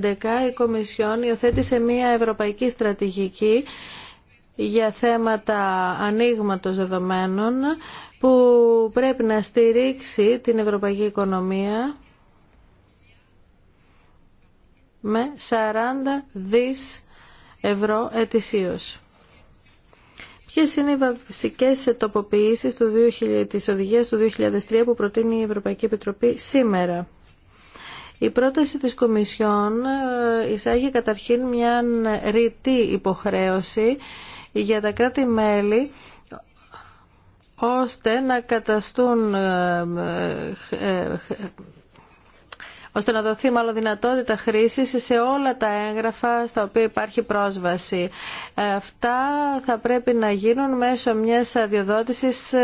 2011 η Κομισιόν υιοθέτησε μια ευρωπαϊκή στρατηγική για θέματα ανοίγματο δεδομένων που πρέπει να στηρίξει την ευρωπαϊκή οικονομία με 40 δις ευρώ ετησίως. Ποιες είναι οι βασικές τοποποιήσεις του 2000, του 2003 που προτείνει η Ευρωπαϊκή Επιτροπή σήμερα. Η πρόταση της Κομισιόν ε, εισάγει καταρχήν μια ρητή υποχρέωση για τα κράτη-μέλη ώστε να καταστούν ε, ε, ε, ώστε να δοθεί μάλλον δυνατότητα χρήσης σε όλα τα έγγραφα στα οποία υπάρχει πρόσβαση. Αυτά θα πρέπει να γίνουν μέσω μιας αδειοδότησης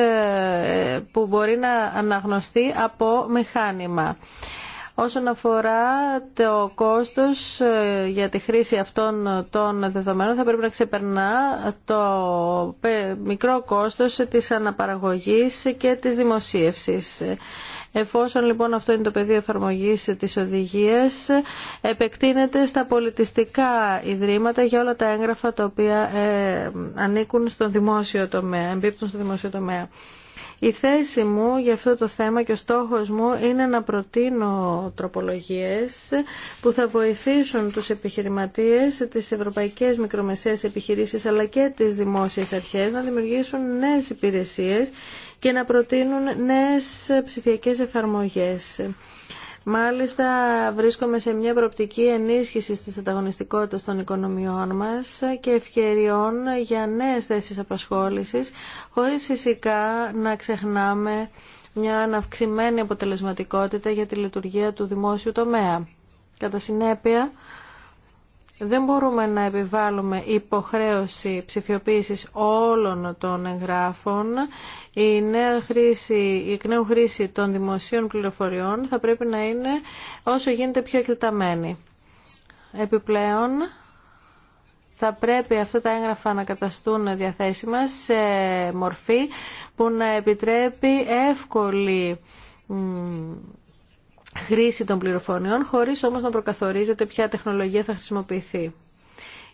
που μπορεί να αναγνωστεί από μηχάνημα όσον αφορά το κόστος ε, για τη χρήση αυτών των δεδομένων θα πρέπει να ξεπερνά το μικρό κόστος της αναπαραγωγής και της δημοσίευσης. Εφόσον λοιπόν αυτό είναι το πεδίο εφαρμογής της οδηγίας, επεκτείνεται στα πολιτιστικά ιδρύματα για όλα τα έγγραφα τα οποία ε, ανήκουν στον δημόσιο τομέα, εμπίπτουν στο δημόσιο τομέα. Η θέση μου για αυτό το θέμα και ο στόχος μου είναι να προτείνω τροπολογίες που θα βοηθήσουν τους επιχειρηματίες, τις ευρωπαϊκές μικρομεσαίες επιχειρήσεις αλλά και τις δημόσιες αρχές να δημιουργήσουν νέες υπηρεσίες και να προτείνουν νέες ψηφιακές εφαρμογές. Μάλιστα βρίσκομαι σε μια προοπτική ενίσχυσης της ανταγωνιστικότητας των οικονομιών μας και ευκαιριών για νέες θέσεις απασχόλησης, χωρίς φυσικά να ξεχνάμε μια αναυξημένη αποτελεσματικότητα για τη λειτουργία του δημόσιου τομέα. Κατά συνέπεια, δεν μπορούμε να επιβάλλουμε υποχρέωση ψηφιοποίησης όλων των εγγράφων. Η νέα χρήση, η εκ νέου χρήση των δημοσίων πληροφοριών θα πρέπει να είναι όσο γίνεται πιο εκτεταμένη. Επιπλέον, θα πρέπει αυτά τα έγγραφα να καταστούν διαθέσιμα σε μορφή που να επιτρέπει εύκολη χρήση των πληροφοριών, χωρίς όμως να προκαθορίζεται ποια τεχνολογία θα χρησιμοποιηθεί.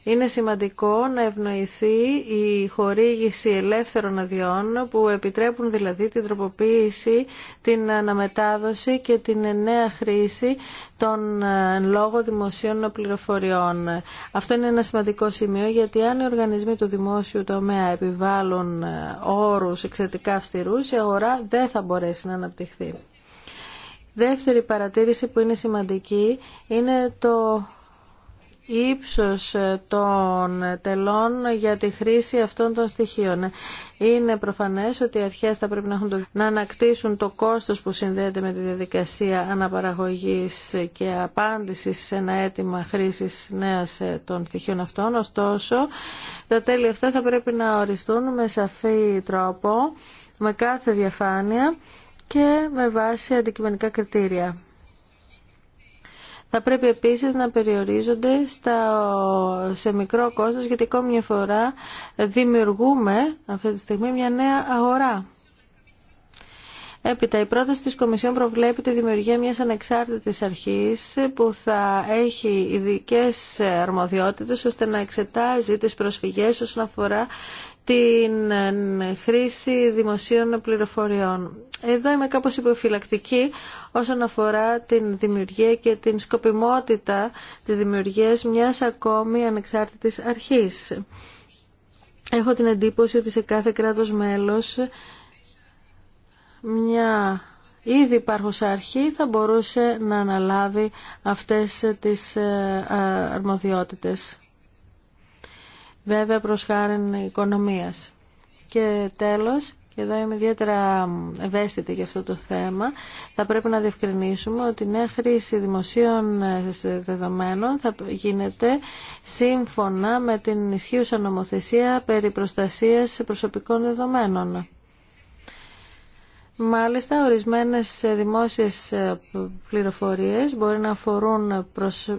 Είναι σημαντικό να ευνοηθεί η χορήγηση ελεύθερων αδειών που επιτρέπουν δηλαδή την τροποποίηση, την αναμετάδοση και την νέα χρήση των ε, λόγω δημοσίων πληροφοριών. Αυτό είναι ένα σημαντικό σημείο γιατί αν οι οργανισμοί του δημόσιου τομέα επιβάλλουν ε, όρους εξαιρετικά αυστηρούς η αγορά δεν θα μπορέσει να αναπτυχθεί. Δεύτερη παρατήρηση που είναι σημαντική είναι το ύψος των τελών για τη χρήση αυτών των στοιχείων. Είναι προφανές ότι οι αρχές θα πρέπει να, έχουν το... να ανακτήσουν το κόστος που συνδέεται με τη διαδικασία αναπαραγωγής και απάντησης σε ένα αίτημα χρήσης νέας ε, των στοιχείων αυτών. Ωστόσο, τα τέλη αυτά θα πρέπει να οριστούν με σαφή τρόπο, με κάθε διαφάνεια και με βάση αντικειμενικά κριτήρια. Θα πρέπει επίσης να περιορίζονται στα, σε μικρό κόστος γιατί ακόμη μια φορά δημιουργούμε αυτή τη στιγμή μια νέα αγορά. Έπειτα, η πρόταση της Κομισιόν προβλέπει τη δημιουργία μιας ανεξάρτητης αρχής που θα έχει ειδικέ αρμοδιότητες ώστε να εξετάζει τις προσφυγές όσον αφορά την χρήση δημοσίων πληροφοριών. Εδώ είμαι κάπως υποφυλακτική όσον αφορά την δημιουργία και την σκοπιμότητα της δημιουργίας μιας ακόμη ανεξάρτητης αρχής. Έχω την εντύπωση ότι σε κάθε κράτος μέλος μια ήδη υπάρχουσα αρχή θα μπορούσε να αναλάβει αυτές τις ε, αρμοδιότητες βέβαια προς χάρη οικονομίας. Και τέλος, και εδώ είμαι ιδιαίτερα ευαίσθητη για αυτό το θέμα, θα πρέπει να διευκρινίσουμε ότι η νέα χρήση δημοσίων ε, δεδομένων θα γίνεται σύμφωνα με την ισχύουσα νομοθεσία περί προστασίας προσωπικών δεδομένων. Μάλιστα, ορισμένες δημόσιες ε, πληροφορίες μπορεί να αφορούν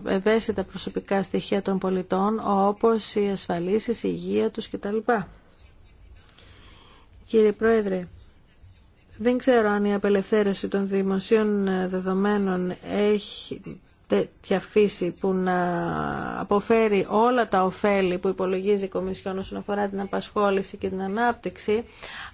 ευαίσθητα προσωπικά στοιχεία των πολιτών, όπως οι ασφαλίσεις, η υγεία τους κτλ. Κύριε Πρόεδρε, δεν ξέρω αν η απελευθέρωση των δημοσίων ε, δεδομένων έχει, τέτοια φύση που να αποφέρει όλα τα ωφέλη που υπολογίζει η Κομισιόν όσον αφορά την απασχόληση και την ανάπτυξη,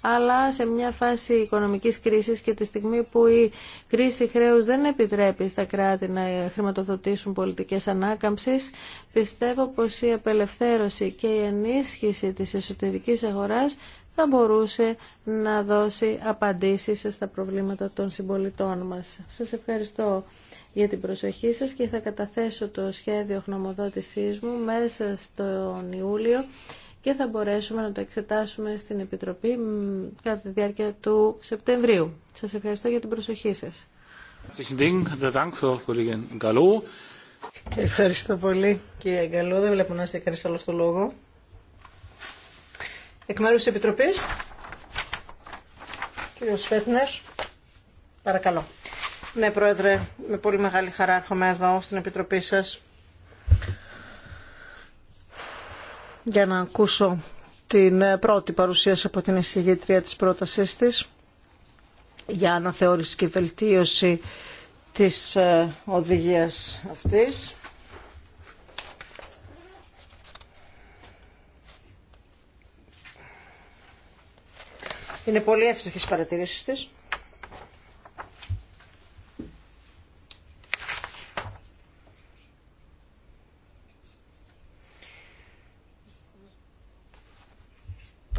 αλλά σε μια φάση οικονομικής κρίσης και τη στιγμή που η κρίση χρέους δεν επιτρέπει στα κράτη να χρηματοδοτήσουν πολιτικές ανάκαμψης, πιστεύω πως η απελευθέρωση και η ενίσχυση της εσωτερικής αγοράς θα μπορούσε να δώσει απαντήσεις στα προβλήματα των συμπολιτών μας. Σας ευχαριστώ για την προσοχή σας και θα καταθέσω το σχέδιο χνομοδότησής μου μέσα στον Ιούλιο και θα μπορέσουμε να το εξετάσουμε στην Επιτροπή κατά τη διάρκεια του Σεπτεμβρίου. Σας ευχαριστώ για την προσοχή σας. Ευχαριστώ πολύ κύριε Γκαλό. Δεν βλέπω να είστε κανείς άλλο στο λόγο. Εκ μέρους της Επιτροπής, κύριος Φέτνερ, παρακαλώ. Ναι, Πρόεδρε, με πολύ μεγάλη χαρά έρχομαι εδώ στην Επιτροπή σας για να ακούσω την πρώτη παρουσίαση από την εισηγήτρια της πρότασής της για αναθεώρηση και βελτίωση της ε, οδηγίας αυτής. Είναι πολύ εύστοχες οι παρατηρήσεις της.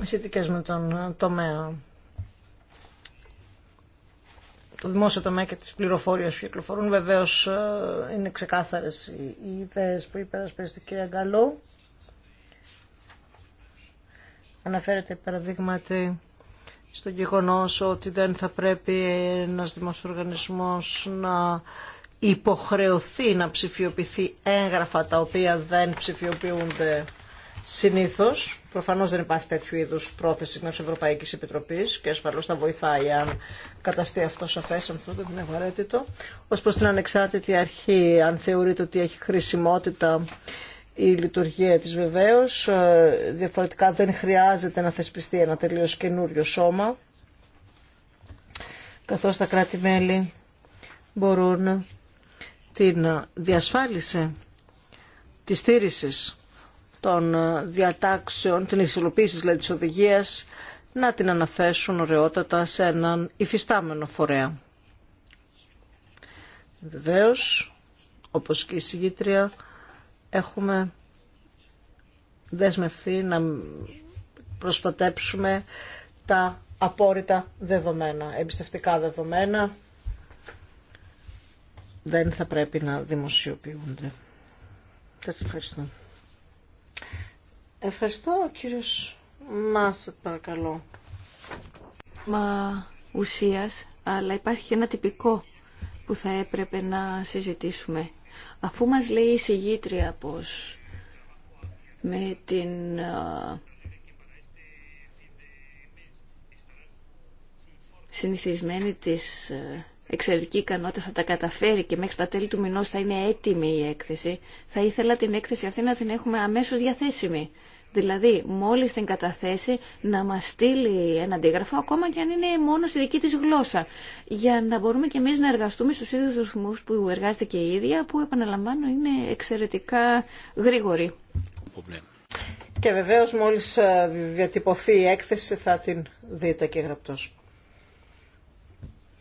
σχετικές με τον ε, τομέα το δημόσιο τομέα και τις πληροφορίες που κυκλοφορούν. Βεβαίως ε, είναι ξεκάθαρες οι ιδέες που υπερασπίζεται η κυρία Γκαλό. Αναφέρεται παραδείγματι στο γεγονός ότι δεν θα πρέπει ένας οργανισμός να υποχρεωθεί να ψηφιοποιηθεί έγγραφα τα οποία δεν ψηφιοποιούνται Συνήθω, προφανώ δεν υπάρχει τέτοιου είδου πρόθεση μέρο Ευρωπαϊκή Επιτροπή και ασφαλώ θα βοηθάει αν καταστεί αυτό σαφέ, αν αυτό δεν είναι απαραίτητο. Ω προ την ανεξάρτητη αρχή, αν θεωρείται ότι έχει χρησιμότητα η λειτουργία τη βεβαίω. Ε, διαφορετικά δεν χρειάζεται να θεσπιστεί ένα τελείω καινούριο σώμα, καθώ τα κράτη-μέλη μπορούν την διασφάλιση τη στήριξη των ε, διατάξεων, την υψηλοποίηση δηλαδή της οδηγίας, να την αναθέσουν ωραιότατα σε έναν υφιστάμενο φορέα. Βεβαίω, όπως και η συγγήτρια, έχουμε δεσμευθεί να προστατέψουμε τα απόρριτα δεδομένα, εμπιστευτικά δεδομένα δεν θα πρέπει να δημοσιοποιούνται. Σας ευχαριστώ. Ευχαριστώ, κύριος Μάσετ, παρακαλώ. Μα ουσίας, αλλά υπάρχει ένα τυπικό που θα έπρεπε να συζητήσουμε. Αφού μας λέει η συγγήτρια πως με την... συνηθισμένη της ε, εξαιρετική ικανότητα θα τα καταφέρει και μέχρι τα τέλη του μηνός θα είναι έτοιμη η έκθεση, θα ήθελα την έκθεση αυτή να την έχουμε αμέσως διαθέσιμη. Δηλαδή, μόλις την καταθέσει να μα στείλει ένα αντίγραφο, ακόμα και αν είναι μόνο στη δική της γλώσσα, για να μπορούμε και εμείς να εργαστούμε στους ίδιους ρυθμού που εργάζεται και η ίδια, που επαναλαμβάνω είναι εξαιρετικά γρήγορη. Και βεβαίω μόλις ε, διατυπωθεί η έκθεση θα την δείτε και γραπτό.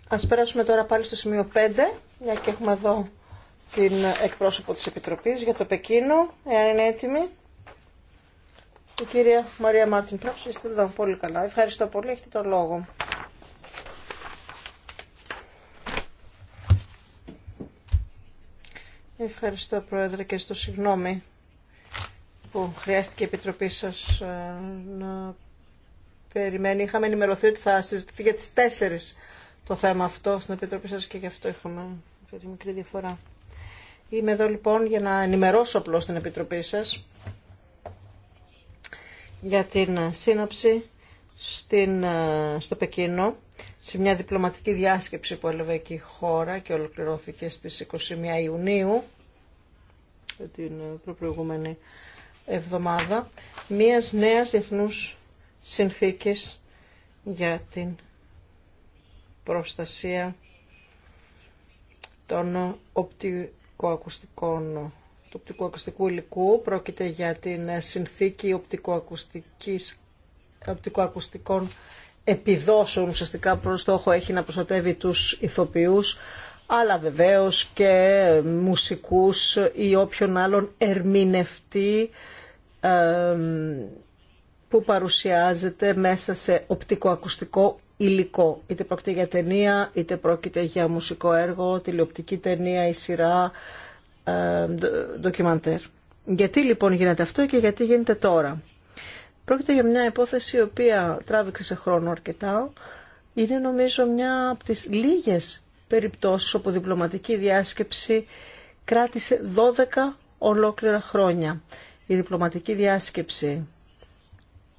Ας περάσουμε τώρα πάλι στο σημείο 5, μια και έχουμε εδώ την εκπρόσωπο της Επιτροπής για το Πεκίνο, εάν είναι έτοιμη. Η κυρία Μαρία Μάρτιν Πρόψη, είστε εδώ πολύ καλά. Ευχαριστώ πολύ, έχετε το λόγο. Ευχαριστώ Πρόεδρε και στο συγγνώμη που χρειάστηκε η Επιτροπή σας ε, να περιμένει. Είχαμε ενημερωθεί ότι θα συζητηθεί για τις 4 το θέμα αυτό στην Επιτροπή σας και γι' αυτό είχαμε αυτή τη μικρή διαφορά. Είμαι εδώ λοιπόν για να ενημερώσω απλώς την Επιτροπή σας για την ε, σύναψη στην, ε, στο Πεκίνο σε μια διπλωματική διάσκεψη που έλαβε εκεί η χώρα και ολοκληρώθηκε στις 21 Ιουνίου ε, την προηγούμενη εβδομάδα μιας νέας διεθνούς συνθήκης για την προστασία των οπτικοακουστικών του οπτικοακουστικού υλικού. Πρόκειται για την συνθήκη οπτικοακουστικών επιδόσεων. Ουσιαστικά προς στόχο έχει να προστατεύει τους ηθοποιούς αλλά βεβαίως και μουσικούς ή όποιον άλλον ερμηνευτή που παρουσιάζεται μέσα σε οπτικοακουστικό υλικό. Είτε πρόκειται για ταινία, είτε πρόκειται για μουσικό έργο, τηλεοπτική ταινία ή σειρά, ε, ντοκιμαντέρ. Γιατί λοιπόν γίνεται αυτό και γιατί γίνεται τώρα. Πρόκειται για μια υπόθεση η οποία τράβηξε σε χρόνο αρκετά. Είναι νομίζω μια από τις λίγες περιπτώσεις όπου διπλωματική διάσκεψη κράτησε 12 ολόκληρα χρόνια. Η διπλωματική διάσκεψη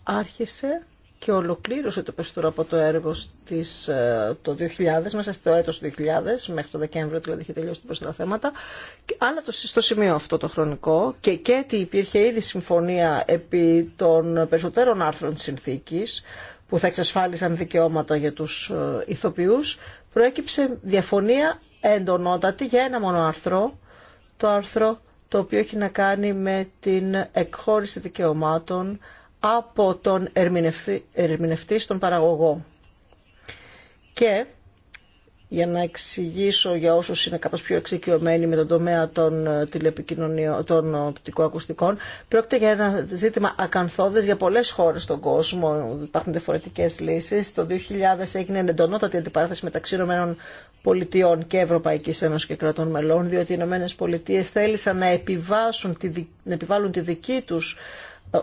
άρχισε και ολοκλήρωσε το από το έργο της ε, το 2000, μέσα στο έτος του 2000, μέχρι το Δεκέμβριο δηλαδή είχε τελειώσει τα θέματα, αλλά το, στο σημείο αυτό το χρονικό και και ότι υπήρχε ήδη συμφωνία επί των περισσότερων άρθρων της συνθήκης, που θα εξασφάλισαν δικαιώματα για τους ε, ηθοποιούς, προέκυψε διαφωνία εντονότατη για ένα μόνο άρθρο, το άρθρο το οποίο έχει να κάνει με την εκχώρηση δικαιωμάτων από τον ερμηνευτή, ερμηνευτή στον παραγωγό. Και για να εξηγήσω για όσους είναι κάπως πιο εξοικειωμένοι με τον τομέα των, ε, τηλεπικοινωνιών, των οπτικοακουστικών, πρόκειται για ένα ζήτημα ακανθόδες για πολλές χώρες στον κόσμο. Υπάρχουν διαφορετικέ λύσεις. Το 2000 έγινε εντονότατη αντιπαράθεση μεταξύ Ηνωμένων Πολιτειών και Ευρωπαϊκής Ένωσης και κρατών μελών, διότι οι Ηνωμένε Πολιτείες θέλησαν να, να επιβάλλουν τη δική τους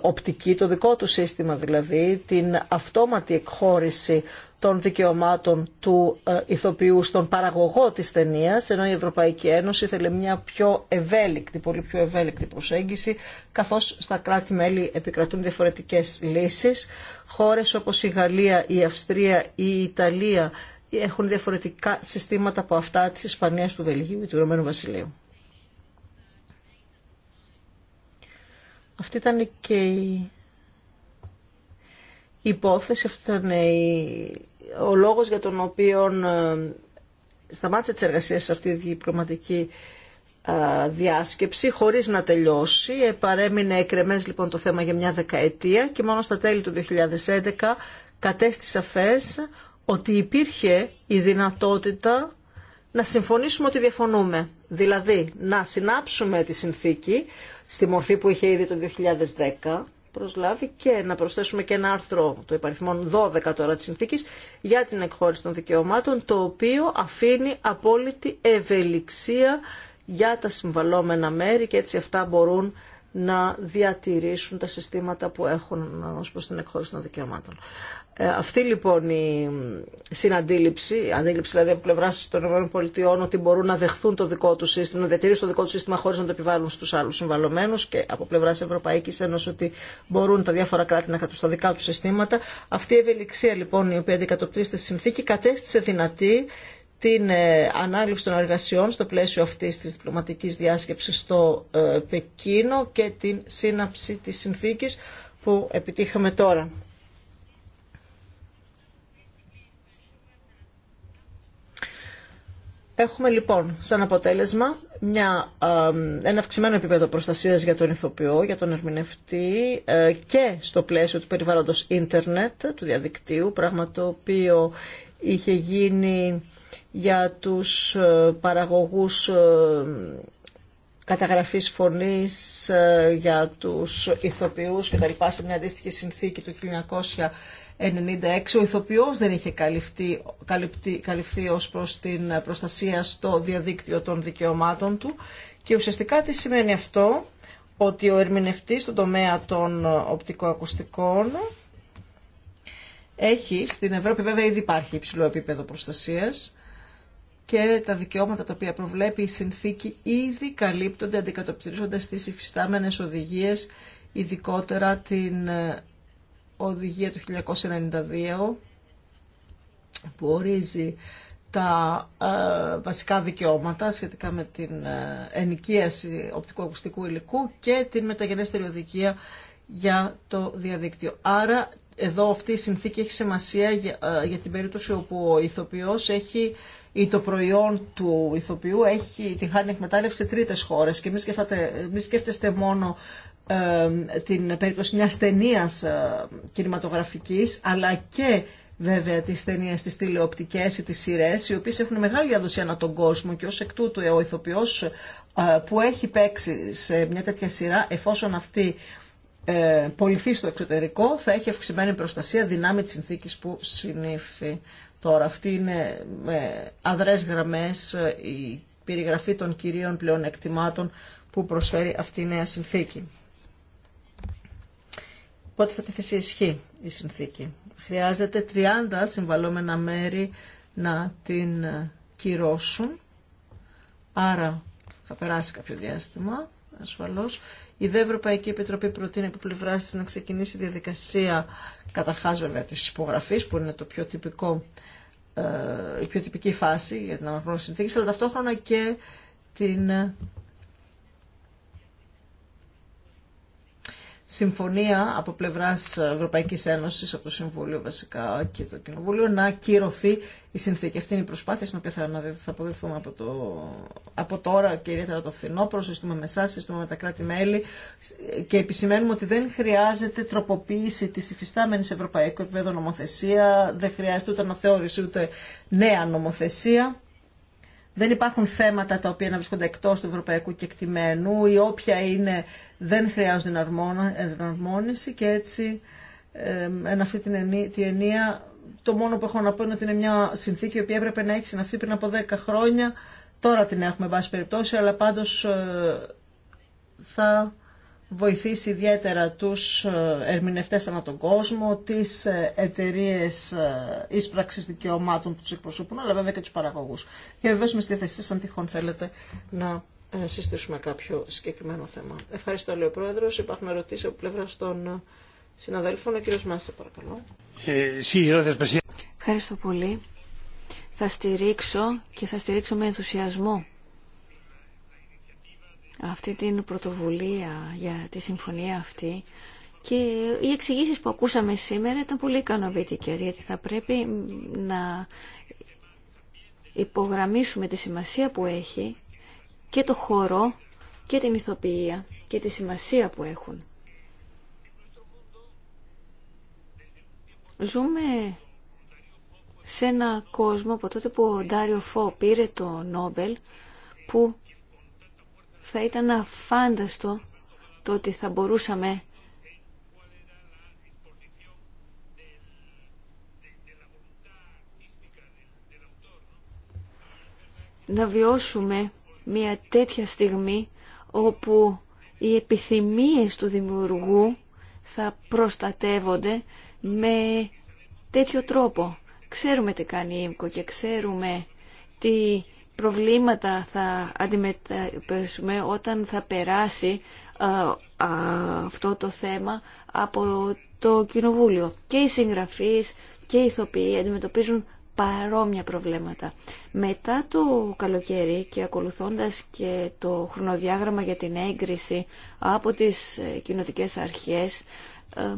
οπτική, το δικό του σύστημα δηλαδή, την αυτόματη εκχώρηση των δικαιωμάτων του ε, ηθοποιού στον παραγωγό της ταινία, ενώ η Ευρωπαϊκή Ένωση θέλει μια πιο ευέλικτη, πολύ πιο ευέλικτη προσέγγιση, καθώς στα κράτη-μέλη επικρατούν διαφορετικές λύσεις. Χώρες όπως η Γαλλία, η Αυστρία, η Ιταλία έχουν διαφορετικά συστήματα από αυτά της Ισπανίας, του Βελγίου ή του Ηνωμένου Βασιλείου. Αυτή ήταν και η υπόθεση, αυτό ήταν ο λόγος για τον οποίο ε, σταμάτησε τις εργασίες σε αυτή τη διπλωματική ε, διάσκεψη χωρίς να τελειώσει. Παρέμεινε εκρεμές λοιπόν το θέμα για μια δεκαετία και μόνο στα τέλη του 2011 κατέστησε σαφές ότι υπήρχε η δυνατότητα να συμφωνήσουμε ότι διαφωνούμε. Δηλαδή να συνάψουμε τη συνθήκη στη μορφή που είχε ήδη το 2010 προσλάβει και να προσθέσουμε και ένα άρθρο, το υπαριθμών 12 τώρα της συνθήκης, για την εκχώρηση των δικαιωμάτων, το οποίο αφήνει απόλυτη ευελιξία για τα συμβαλόμενα μέρη και έτσι αυτά μπορούν να διατηρήσουν τα συστήματα που έχουν ως προς την εκχώρηση των δικαιωμάτων. Ε, αυτή λοιπόν η συναντήληψη, η αντίληψη δηλαδή από πλευρά των ΗΠΑ ότι μπορούν να δεχθούν το δικό του σύστημα, να διατηρήσουν το δικό του σύστημα χωρί να το επιβάλλουν στου άλλου συμβαλωμένου και από πλευρά Ευρωπαϊκή Ένωση ότι μπορούν τα διάφορα κράτη να κρατούν στα δικά του συστήματα. Αυτή η ευελιξία λοιπόν η οποία αντικατοπτρίζεται στη συνθήκη κατέστησε δυνατή την ε, ανάληψη των εργασιών στο πλαίσιο αυτής της διπλωματικής διάσκεψης στο ε, Πεκίνο και την σύναψη της συνθήκης που επιτύχαμε τώρα. Έχουμε λοιπόν σαν αποτέλεσμα μια, ένα αυξημένο επίπεδο προστασίας για τον ηθοποιό, για τον ερμηνευτή ε, και στο πλαίσιο του περιβάλλοντος ίντερνετ, του διαδικτύου, πράγμα το οποίο είχε γίνει για τους ε, παραγωγούς ε, καταγραφής φωνής, για τους ηθοποιούς και τα σε μια αντίστοιχη συνθήκη του 96 ο ηθοποιός δεν είχε καλυφθεί, καλυπτεί, καλυφθεί προς την προστασία στο διαδίκτυο των δικαιωμάτων του και ουσιαστικά τι σημαίνει αυτό ότι ο ερμηνευτής στον τομέα των οπτικοακουστικών έχει στην Ευρώπη βέβαια ήδη υπάρχει υψηλό επίπεδο προστασίας και τα δικαιώματα τα οποία προβλέπει η συνθήκη ήδη καλύπτονται αντικατοπτρίζοντας τις υφιστάμενες οδηγίες ειδικότερα την οδηγία του 1992 που ορίζει τα ε, βασικά δικαιώματα σχετικά με την ε, ενοικίαση οπτικοακουστικού υλικού και την μεταγενέστερη οδηγία για το διαδίκτυο. Άρα εδώ αυτή η συνθήκη έχει σημασία ε, για, την περίπτωση όπου ο ηθοποιός έχει ή το προϊόν του ηθοποιού έχει την χάνει εκμετάλλευση σε τρίτες χώρες και μην, σκέφτεστε μόνο την περίπτωση μιας ταινίας ε, κινηματογραφικής αλλά και βέβαια τις ταινίε τις τηλεοπτικές ή τις σειρές οι οποίες έχουν μεγάλη διαδοσία ανά τον κόσμο και ως εκ τούτου ε, ο ηθοποιός ε, που έχει παίξει σε μια τέτοια σειρά εφόσον αυτή ε, πολιθεί στο εξωτερικό θα έχει αυξημένη προστασία δυνάμει της συνθήκης που συνήφθη. Τώρα αυτή είναι με αδρές γραμμές η περιγραφή των κυρίων πλέον εκτιμάτων που προσφέρει αυτή η νέα συνθήκη. Πότε θα τεθεί σε ισχύ η συνθήκη. Χρειάζεται 30 συμβαλόμενα μέρη να την ε, κυρώσουν. Άρα θα περάσει κάποιο διάστημα, ασφαλώς. Η ΔΕ Ευρωπαϊκή Επιτροπή προτείνει από πλευρά τη να ξεκινήσει η διαδικασία καταρχά βέβαια τη υπογραφή, που είναι το πιο τυπικό, ε, η πιο τυπική φάση για την αναγνώριση συνθήκη, αλλά ταυτόχρονα και την ε, συμφωνία από πλευρά Ευρωπαϊκής Ένωσης, από το Συμβούλιο βασικά και το Κοινοβούλιο, να κυρωθεί η συνθήκη. Αυτή είναι η προσπάθεια στην οποία θα, θα από, το, από τώρα και ιδιαίτερα το φθινόπωρο, συστούμε με εσά, συστούμε με τα κράτη-μέλη και επισημαίνουμε ότι δεν χρειάζεται τροποποίηση τη υφιστάμενης ευρωπαϊκή επίπεδο νομοθεσία, δεν χρειάζεται ούτε αναθεώρηση ούτε νέα νομοθεσία δεν υπάρχουν θέματα τα οποία να βρίσκονται εκτός του ευρωπαϊκού κεκτημένου ή όποια είναι δεν χρειάζονται εναρμόνιση και έτσι εν αυτή την ενία το μόνο που έχω να πω είναι ότι είναι μια συνθήκη η οποία έπρεπε να έχει συναυθεί πριν από 10 χρόνια τώρα την έχουμε βάσει περιπτώσει αλλά πάντως ε, θα βοηθήσει ιδιαίτερα τους ε, ερμηνευτές ανά τον κόσμο, τις ε, εταιρείε ε, ίσπραξης δικαιωμάτων που τους εκπροσωπούν, αλλά βέβαια και τους παραγωγούς. Και βεβαίως με στη θέση σας, αν τυχόν θέλετε να συστήσουμε κάποιο συγκεκριμένο θέμα. Ευχαριστώ, λέει ο Πρόεδρος. Υπάρχουν ερωτήσεις από πλευρά των συναδέλφων. Ο κύριος Μάσης, παρακαλώ. Ευχαριστώ πολύ. Θα στηρίξω και θα στηρίξω με ενθουσιασμό αυτή την πρωτοβουλία για τη συμφωνία αυτή και οι εξηγήσει που ακούσαμε σήμερα ήταν πολύ ικανοποιητικέ γιατί θα πρέπει να υπογραμμίσουμε τη σημασία που έχει και το χώρο και την ηθοποιία και τη σημασία που έχουν. Ζούμε σε ένα κόσμο από τότε που ο Ντάριο Φω πήρε το Νόμπελ που θα ήταν αφάνταστο το ότι θα μπορούσαμε να βιώσουμε μια τέτοια στιγμή όπου οι επιθυμίες του δημιουργού θα προστατεύονται με τέτοιο τρόπο. Ξέρουμε τι κάνει η ΕΜΚΟ και ξέρουμε τι προβλήματα θα αντιμετωπίσουμε όταν θα περάσει ε, αυτό το θέμα από το Κοινοβούλιο. Και οι συγγραφείς και οι ηθοποιοί αντιμετωπίζουν παρόμοια προβλήματα. Μετά το καλοκαίρι και ακολουθώντας και το χρονοδιάγραμμα για την έγκριση από τις ε, κοινοτικές αρχές, ε,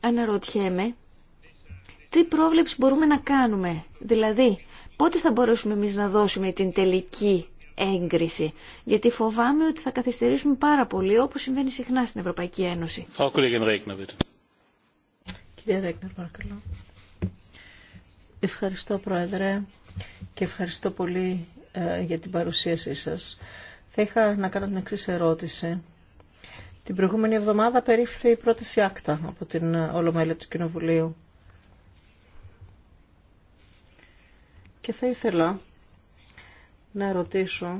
αναρωτιέμαι τι πρόβλεψη μπορούμε να κάνουμε. Δηλαδή, πότε θα μπορέσουμε εμείς να δώσουμε την τελική έγκριση. Γιατί φοβάμαι ότι θα καθυστερήσουμε πάρα πολύ, όπως συμβαίνει συχνά στην Ευρωπαϊκή Ένωση. Κυρία παρακαλώ. Ευχαριστώ, Πρόεδρε, και ευχαριστώ πολύ ε, για την παρουσίασή σας. Θα είχα να κάνω την εξή ερώτηση. Την προηγούμενη εβδομάδα περίφθη η πρόταση άκτα από την ε, Ολομέλεια του Κοινοβουλίου. και θα ήθελα να ρωτήσω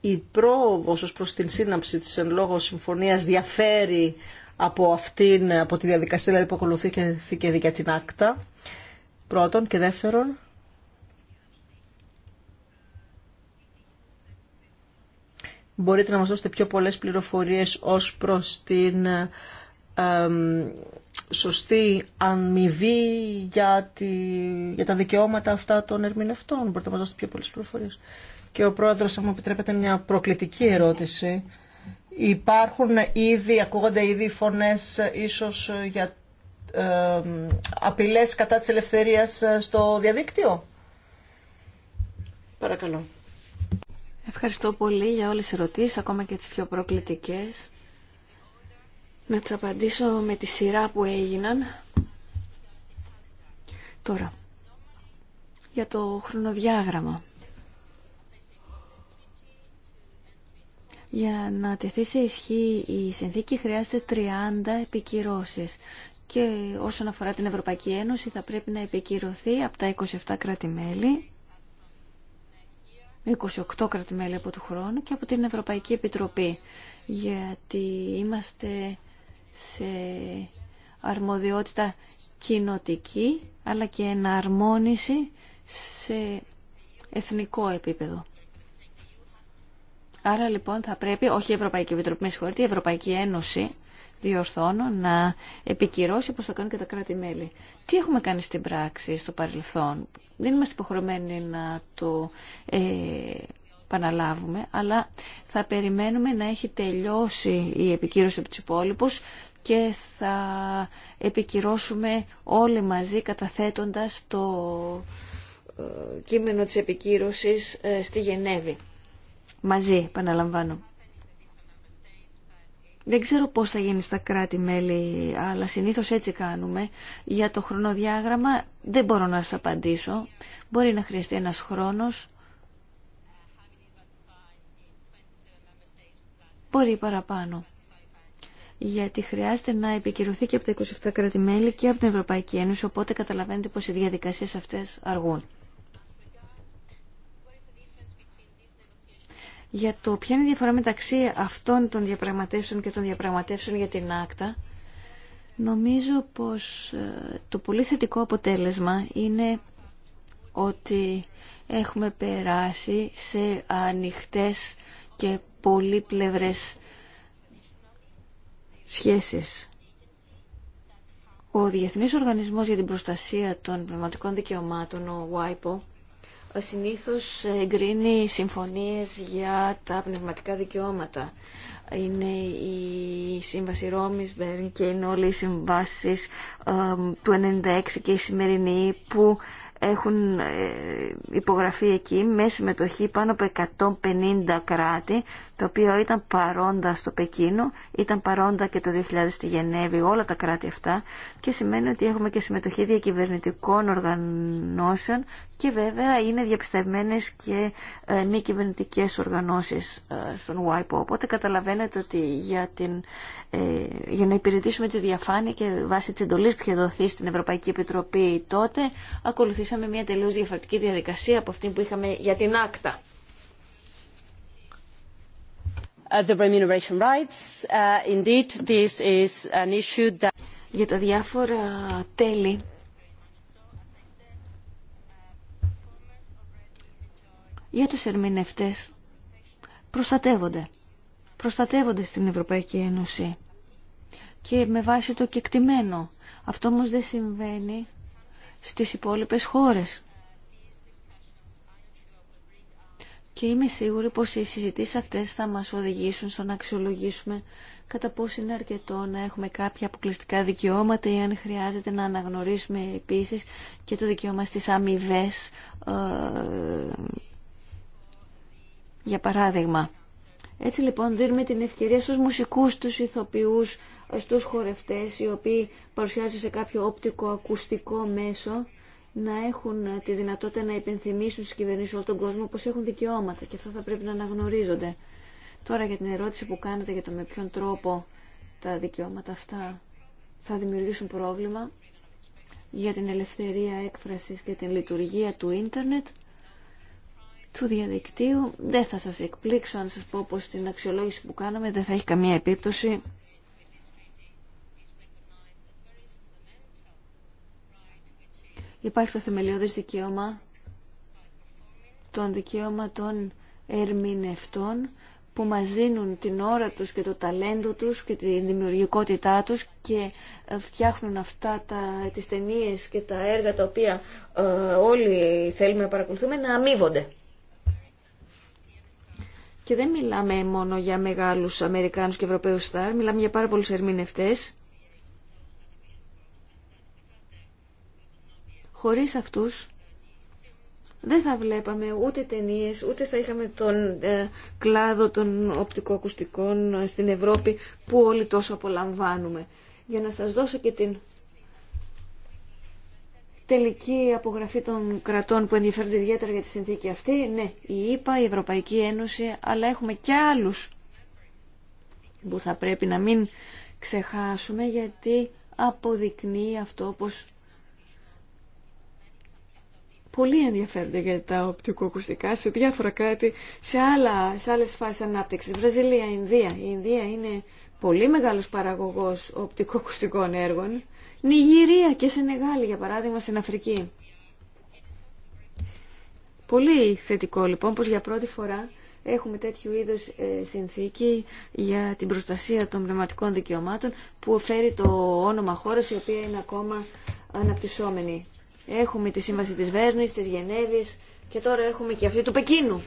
η πρόοδος ως προς την σύναψη της εν λόγω συμφωνίας διαφέρει από αυτήν, από τη διαδικασία δηλαδή, που ακολουθήθηκε για την άκτα πρώτον και δεύτερον μπορείτε να μας δώσετε πιο πολλές πληροφορίες ως προς την ε, σωστή αμοιβή για, τη, για τα δικαιώματα αυτά των ερμηνευτών. Μπορείτε να μας δώσετε πιο πολλές πληροφορίες. Και ο πρόεδρος, αν μου επιτρέπετε, μια προκλητική ερώτηση. Υπάρχουν ήδη, ακούγονται ήδη φωνές ε, ίσως ε, για ε, απειλές κατά της ελευθερίας ε, στο διαδίκτυο. Παρακαλώ. Ευχαριστώ πολύ για όλες τις ερωτήσεις, ακόμα και τις πιο προκλητικές. Να τις απαντήσω με τη σειρά που έγιναν. Τώρα, για το χρονοδιάγραμμα. Για να τεθεί σε ισχύ η συνθήκη χρειάζεται 30 επικυρώσεις και όσον αφορά την Ευρωπαϊκή Ένωση θα πρέπει να επικυρωθεί από τα 27 κράτη-μέλη 28 κράτη-μέλη από το χρόνο και από την Ευρωπαϊκή Επιτροπή γιατί είμαστε σε αρμοδιότητα κοινοτική αλλά και εναρμόνιση σε εθνικό επίπεδο. Άρα λοιπόν θα πρέπει, όχι η Ευρωπαϊκή Επιτροπή, με συγχωρείτε, η Ευρωπαϊκή Ένωση διορθώνω να επικυρώσει όπως θα κάνουν και τα κράτη-μέλη. Τι έχουμε κάνει στην πράξη στο παρελθόν. Δεν είμαστε υποχρεωμένοι να το ε, επαναλάβουμε, αλλά θα περιμένουμε να έχει τελειώσει η επικύρωση από τους υπόλοιπους και θα επικυρώσουμε όλοι μαζί καταθέτοντας το ε, κείμενο της επικύρωσης ε, στη Γενέβη. Μαζί, επαναλαμβάνω. Δεν ξέρω πώς θα γίνει στα κράτη-μέλη, αλλά συνήθως έτσι κάνουμε. Για το χρονοδιάγραμμα δεν μπορώ να σας απαντήσω. Μπορεί να χρειαστεί ένας χρόνος μπορεί παραπάνω. Γιατί χρειάζεται να επικυρωθεί και από τα 27 κράτη-μέλη και από την Ευρωπαϊκή Ένωση, οπότε καταλαβαίνετε πως οι διαδικασίες αυτές αργούν. Για το ποια είναι η διαφορά μεταξύ αυτών των διαπραγματεύσεων και των διαπραγματεύσεων για την άκτα, νομίζω πως ε, το πολύ θετικό αποτέλεσμα είναι ότι έχουμε περάσει σε ανοιχτές και πολύπλευρες σχέσεις. Ο Διεθνής Οργανισμός για την Προστασία των Πνευματικών Δικαιωμάτων, ο WIPO, συνήθως εγκρίνει συμφωνίες για τα πνευματικά δικαιώματα. Είναι η Σύμβαση Ρώμης και είναι όλοι οι συμβάσεις ε, του 1996 και η σημερινή που έχουν ε, υπογραφεί εκεί με συμμετοχή πάνω από 150 κράτη, το οποίο ήταν παρόντα στο Πεκίνο, ήταν παρόντα και το 2000 στη Γενέβη, όλα τα κράτη αυτά και σημαίνει ότι έχουμε και συμμετοχή διακυβερνητικών οργανώσεων και βέβαια είναι διαπιστευμένες και ε, μη κυβερνητικέ οργανώσεις ε, στον WIPO. Οπότε καταλαβαίνετε ότι για, την, για να υπηρετήσουμε τη διαφάνεια και βάσει της εντολής που είχε δοθεί στην Ευρωπαϊκή Επιτροπή τότε, ακολουθήσαμε ακολουθήσαμε μια τελείως διαφορετική διαδικασία από αυτή που είχαμε για την άκτα. Uh, the remuneration rights, uh, indeed, this is an issue that... Για τα διάφορα τέλη, για τους ερμηνευτές προστατεύονται. Προστατεύονται στην Ευρωπαϊκή Ένωση και με βάση το κεκτημένο. Αυτό όμως δεν συμβαίνει στις υπόλοιπες χώρες. Και είμαι σίγουρη πως οι συζητήσεις αυτές θα μας οδηγήσουν στο να αξιολογήσουμε κατά πώς είναι αρκετό να έχουμε κάποια αποκλειστικά δικαιώματα ή αν χρειάζεται να αναγνωρίσουμε επίσης και το δικαίωμα στις αμοιβέ. Ε, για παράδειγμα. Έτσι λοιπόν δίνουμε την ευκαιρία στους μουσικούς, τους ηθοποιούς, στους χορευτές οι οποίοι παρουσιάζουν σε κάποιο όπτικο ακουστικό μέσο να έχουν τη δυνατότητα να υπενθυμίσουν στις κυβερνήσεις όλο τον κόσμο πως έχουν δικαιώματα και αυτά θα πρέπει να αναγνωρίζονται. Τώρα για την ερώτηση που κάνετε για το με ποιον τρόπο τα δικαιώματα αυτά θα δημιουργήσουν πρόβλημα για την ελευθερία έκφρασης και την λειτουργία του ίντερνετ του διαδικτύου. Δεν θα σας εκπλήξω αν σας πω πως την αξιολόγηση που κάναμε δεν θα έχει καμία επίπτωση υπάρχει το θεμελιώδες δικαίωμα των δικαίωμα των ερμηνευτών που μας δίνουν την ώρα τους και το ταλέντο τους και τη δημιουργικότητά τους και ε, φτιάχνουν αυτά τα, τις ταινίε και τα έργα τα οποία ε, όλοι θέλουμε να παρακολουθούμε να αμείβονται. Και δεν μιλάμε μόνο για μεγάλους Αμερικάνους και Ευρωπαίους στάρ, μιλάμε για πάρα πολλούς ερμηνευτές Χωρίς αυτούς δεν θα βλέπαμε ούτε ταινίε, ούτε θα είχαμε τον ε, κλάδο των οπτικοακουστικών ε, στην Ευρώπη που όλοι τόσο απολαμβάνουμε. Για να σας δώσω και την τελική απογραφή των κρατών που ενδιαφέρονται ιδιαίτερα για τη συνθήκη αυτή, ναι, η ΕΠΑ, η Ευρωπαϊκή Ένωση, αλλά έχουμε και άλλους που θα πρέπει να μην ξεχάσουμε γιατί αποδεικνύει αυτό πως πολύ ενδιαφέρονται για τα οπτικοακουστικά σε διάφορα κράτη, σε, άλλα, σε άλλες φάσεις ανάπτυξης. Βραζιλία, Ινδία. Η Ινδία είναι πολύ μεγάλος παραγωγός οπτικοκουστικών έργων. Νιγηρία και Σενεγάλη, για παράδειγμα, στην Αφρική. Πολύ θετικό λοιπόν πως για πρώτη φορά έχουμε τέτοιου είδους ε, συνθήκη για την προστασία των πνευματικών δικαιωμάτων που φέρει το όνομα χώρας η οποία είναι ακόμα αναπτυσσόμενη. Έχουμε τη σύμβαση της Βέρνης, της Γενέβης και τώρα έχουμε και αυτή του Πεκίνου.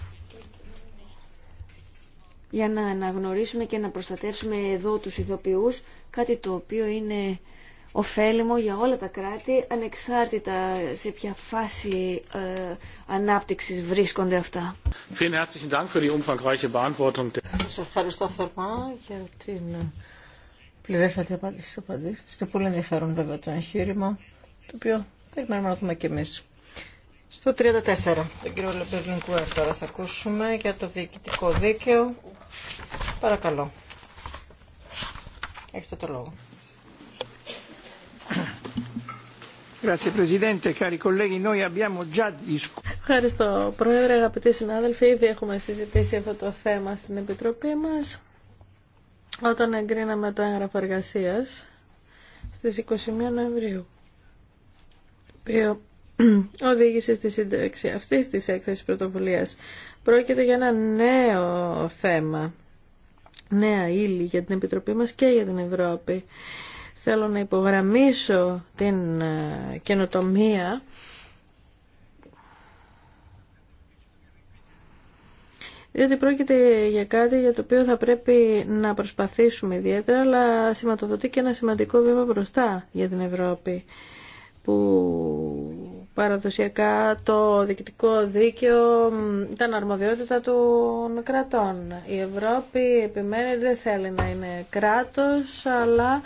Για να αναγνωρίσουμε και να προστατεύσουμε εδώ τους ηθοποιούς, κάτι το οποίο είναι ωφέλιμο για όλα τα κράτη, ανεξάρτητα σε ποια φάση ε, ανάπτυξης βρίσκονται αυτά. Σας ευχαριστώ θερμά για την ε, πληρέστατη απάντηση στις απαντήσεις. Είναι πολύ ενδιαφέρον βέβαια το εγχείρημα, το οποίο Περιμένουμε να δούμε κι εμείς. Στο 34, τον κύριο Λεμπερνικουέρ τώρα θα ακούσουμε για το διοικητικό δίκαιο. Παρακαλώ. Έχετε το λόγο. Ευχαριστώ Πρόεδρε, αγαπητοί συνάδελφοι. Ήδη έχουμε συζητήσει αυτό το θέμα στην Επιτροπή μας όταν εγκρίναμε το έγγραφο εργασίας στις 21 Νοεμβρίου οποίο οδήγησε στη σύνταξη αυτής της έκθεση πρωτοβουλία Πρόκειται για ένα νέο θέμα, νέα ύλη για την Επιτροπή μας και για την Ευρώπη. Θέλω να υπογραμμίσω την ε, καινοτομία διότι πρόκειται για κάτι για το οποίο θα πρέπει να προσπαθήσουμε ιδιαίτερα, αλλά σηματοδοτεί και ένα σημαντικό βήμα μπροστά για την Ευρώπη που παραδοσιακά το διοικητικό δίκαιο ήταν αρμοδιότητα των κρατών. Η Ευρώπη επιμένει δεν θέλει να είναι κράτος, αλλά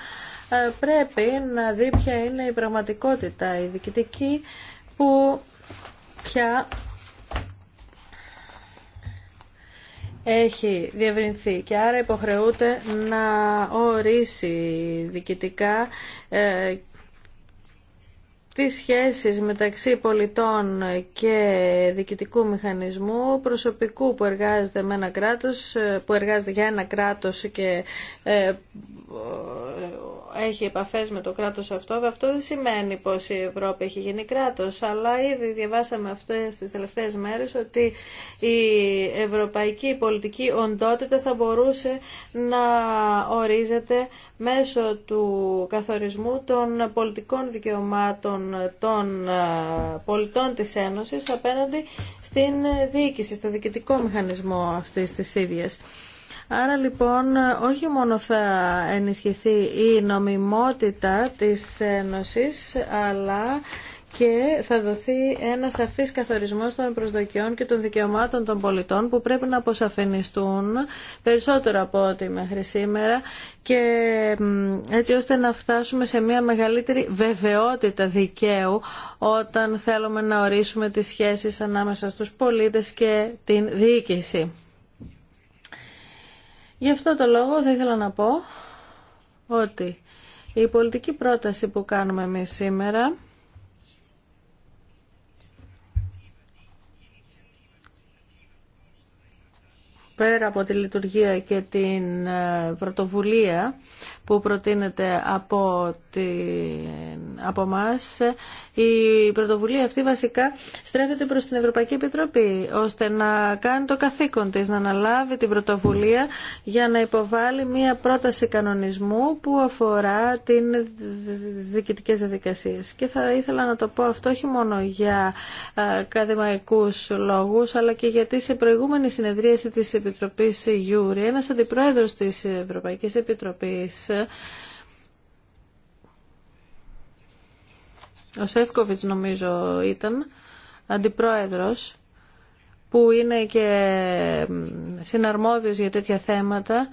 ε, πρέπει να δει ποια είναι η πραγματικότητα, η διοικητική που πια έχει διευρυνθεί και άρα υποχρεούται να ορίσει διοικητικά ε, τις σχέσεις μεταξύ πολιτών και διοικητικού μηχανισμού, προσωπικού που εργάζεται, με ένα κράτος, που εργάζεται για ένα κράτος και ε, έχει επαφές με το κράτος αυτό. Αυτό δεν σημαίνει πως η Ευρώπη έχει γίνει κράτος, αλλά ήδη διαβάσαμε αυτές τις τελευταίες μέρες ότι η ευρωπαϊκή πολιτική οντότητα θα μπορούσε να ορίζεται μέσω του καθορισμού των πολιτικών δικαιωμάτων των ε, πολιτών της Ένωσης απέναντι στην διοίκηση, στο διοικητικό μηχανισμό αυτής της ίδιας. Άρα λοιπόν όχι μόνο θα ενισχυθεί η νομιμότητα της Ένωσης, αλλά και θα δοθεί ένα σαφής καθορισμός των προσδοκιών και των δικαιωμάτων των πολιτών που πρέπει να αποσαφενιστούν περισσότερο από ό,τι μέχρι σήμερα και έτσι ώστε να φτάσουμε σε μια μεγαλύτερη βεβαιότητα δικαίου όταν θέλουμε να ορίσουμε τις σχέσεις ανάμεσα στους πολίτες και την διοίκηση. Γι' αυτό το λόγο θα ήθελα να πω ότι η πολιτική πρόταση που κάνουμε εμεί σήμερα πέρα από τη λειτουργία και την ε, πρωτοβουλία που προτείνεται από, την, από μας Η πρωτοβουλία αυτή βασικά στρέφεται προς την Ευρωπαϊκή Επιτροπή ώστε να κάνει το καθήκον της, να αναλάβει την πρωτοβουλία για να υποβάλει μία πρόταση κανονισμού που αφορά την διοικητικές διαδικασίες. Και θα ήθελα να το πω αυτό όχι μόνο για ε, ακαδημαϊκούς λόγους αλλά και γιατί σε προηγούμενη συνεδρίαση της Επιτροπής Γιούρη ένας αντιπρόεδρος της Ευρωπαϊκής Επιτροπής ο Σεύκοβιτς νομίζω ήταν αντιπρόεδρος που είναι και συναρμόδιος για τέτοια θέματα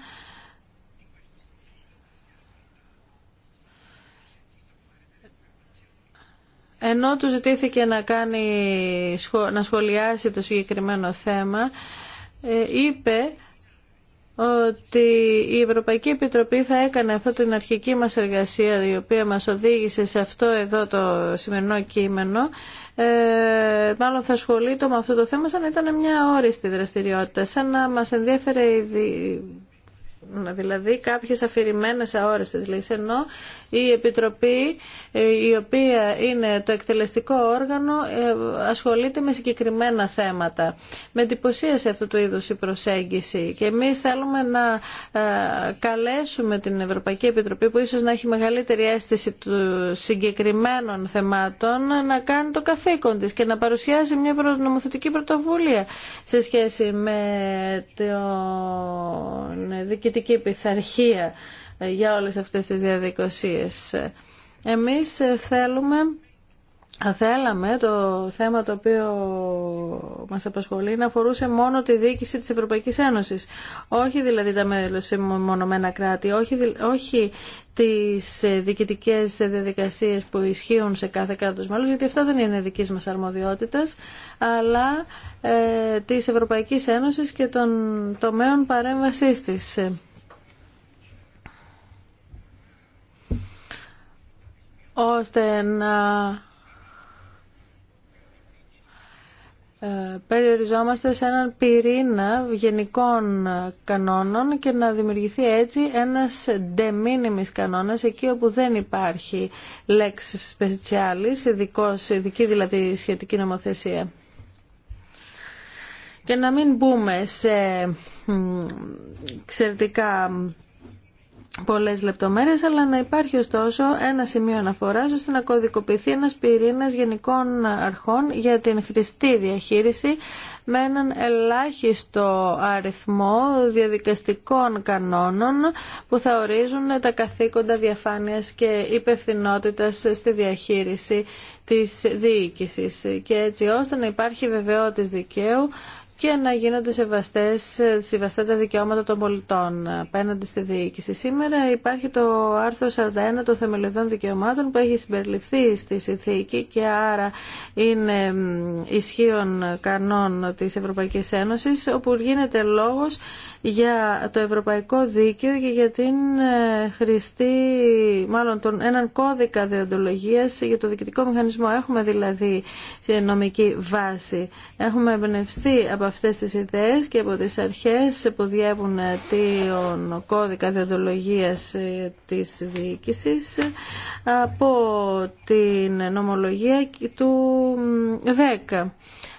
ενώ του ζητήθηκε να, κάνει, να σχολιάσει το συγκεκριμένο θέμα ε, είπε ότι η Ευρωπαϊκή Επιτροπή θα έκανε αυτή την αρχική μας εργασία η οποία μας οδήγησε σε αυτό εδώ το σημερινό κείμενο ε, μάλλον θα ασχολείται με αυτό το θέμα σαν να ήταν μια όριστη δραστηριότητα σαν να μας ενδιαφέρει. η δηλαδή κάποιες αφηρημένες αόριστες λύσεις, ενώ η Επιτροπή, ε, η οποία είναι το εκτελεστικό όργανο, ε, ασχολείται με συγκεκριμένα θέματα. Με σε αυτού του είδους η προσέγγιση και εμείς θέλουμε να ε, καλέσουμε την Ευρωπαϊκή Επιτροπή, που ίσως να έχει μεγαλύτερη αίσθηση του συγκεκριμένων θεμάτων, να κάνει το καθήκον της και να παρουσιάζει μια νομοθετική πρωτοβουλία σε σχέση με τον πολιτική πειθαρχία ε, για όλες αυτές τις διαδικασίες. Εμείς ε, θέλουμε θέλαμε, το θέμα το οποίο μας απασχολεί να αφορούσε μόνο τη διοίκηση της Ευρωπαϊκής Ένωσης. Όχι δηλαδή τα μονομένα κράτη, όχι, όχι τις ε, διοικητικές διαδικασίες που ισχύουν σε κάθε κράτος μέλος, γιατί αυτά δεν είναι δικής μας αρμοδιότητας, αλλά ε, της Ευρωπαϊκής Ένωσης και των τομέων παρέμβασής της. ώστε να ε, περιοριζόμαστε σε έναν πυρήνα γενικών κανόνων και να δημιουργηθεί έτσι ένας de minimis κανόνας εκεί όπου δεν υπάρχει λέξη specialis, ειδικός, ειδική δηλαδή σχετική νομοθεσία. Και να μην μπούμε σε εξαιρετικά πολλές λεπτομέρειες, αλλά να υπάρχει ωστόσο ένα σημείο αναφοράς ώστε να κωδικοποιηθεί ένας πυρήνας γενικών αρχών για την χρηστή διαχείριση με έναν ελάχιστο αριθμό διαδικαστικών κανόνων που θα ορίζουν τα καθήκοντα διαφάνειας και υπευθυνότητας στη διαχείριση της διοίκησης και έτσι ώστε να υπάρχει βεβαιότητα δικαίου και να γίνονται σεβαστές, σεβαστά τα δικαιώματα των πολιτών απέναντι στη διοίκηση. Σήμερα υπάρχει το άρθρο 41 των θεμελιωδών δικαιωμάτων που έχει συμπεριληφθεί στη συνθήκη και άρα είναι ισχύων κανόν της Ευρωπαϊκής Ένωσης όπου γίνεται λόγος για το ευρωπαϊκό δίκαιο και για την ε, χρηστή, μάλλον τον, έναν κώδικα διοντολογίας για το διοικητικό μηχανισμό. Έχουμε δηλαδή νομική βάση. Έχουμε εμπνευστεί αυτές τις ιδέες και από τις αρχές που διεύουν ε, τον κώδικα διοντολογίας ε, της διοίκησης ε, από την νομολογία του 10.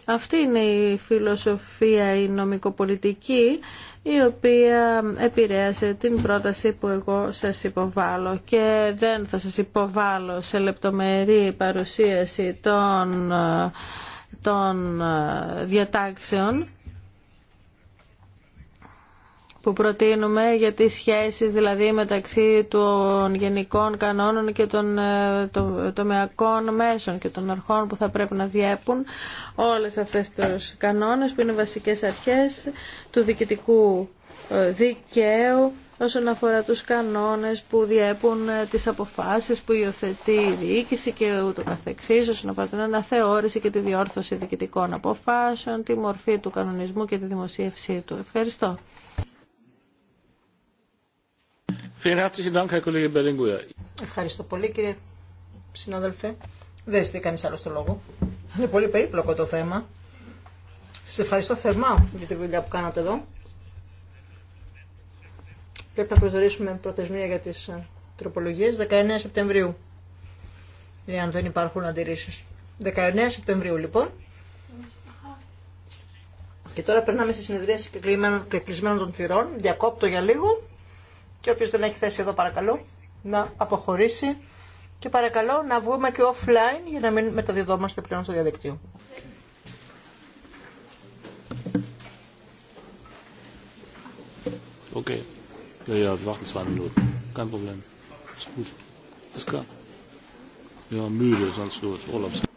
Αυτή είναι η φιλοσοφία η νομικοπολιτική η οποία επηρέασε την πρόταση που εγώ σας υποβάλλω και δεν θα σας υποβάλλω σε λεπτομερή παρουσίαση των των ε, διατάξεων που προτείνουμε για τις σχέσεις δηλαδή μεταξύ των γενικών κανόνων και των ε, το, τομεακών μέσων και των αρχών που θα πρέπει να διέπουν όλες αυτές τους κανόνες που είναι βασικές αρχές του διοικητικού ε, δικαίου όσον αφορά τους κανόνες που διέπουν ε, τις αποφάσεις που υιοθετεί η διοίκηση και ούτω καθεξής, όσον αφορά την αναθεώρηση και τη διόρθωση διοικητικών αποφάσεων, τη μορφή του κανονισμού και τη δημοσίευσή του. Ευχαριστώ. Ευχαριστώ πολύ κύριε συνάδελφε. Δεν είστε κανεί άλλο το λόγο. Είναι πολύ περίπλοκο το θέμα. Σα ευχαριστώ θερμά για τη δουλειά που κάνατε εδώ. Πρέπει να προσδορίσουμε προθεσμία για τις ε, τροπολογίες 19 Σεπτεμβρίου, εάν δεν υπάρχουν αντιρρήσεις. 19 Σεπτεμβρίου λοιπόν. Και τώρα περνάμε στη συνεδρίαση κλεισμένων των θυρών. Διακόπτω για λίγο και όποιος δεν έχει θέση εδώ παρακαλώ να αποχωρήσει και παρακαλώ να βγούμε και offline για να μην μεταδιδόμαστε πλέον στο διαδικτύο. Okay. Ja, ja, wir warten zwei Minuten. Kein Problem. Ist gut. Ist klar. Ja, müde, sonst los. Urlaubs.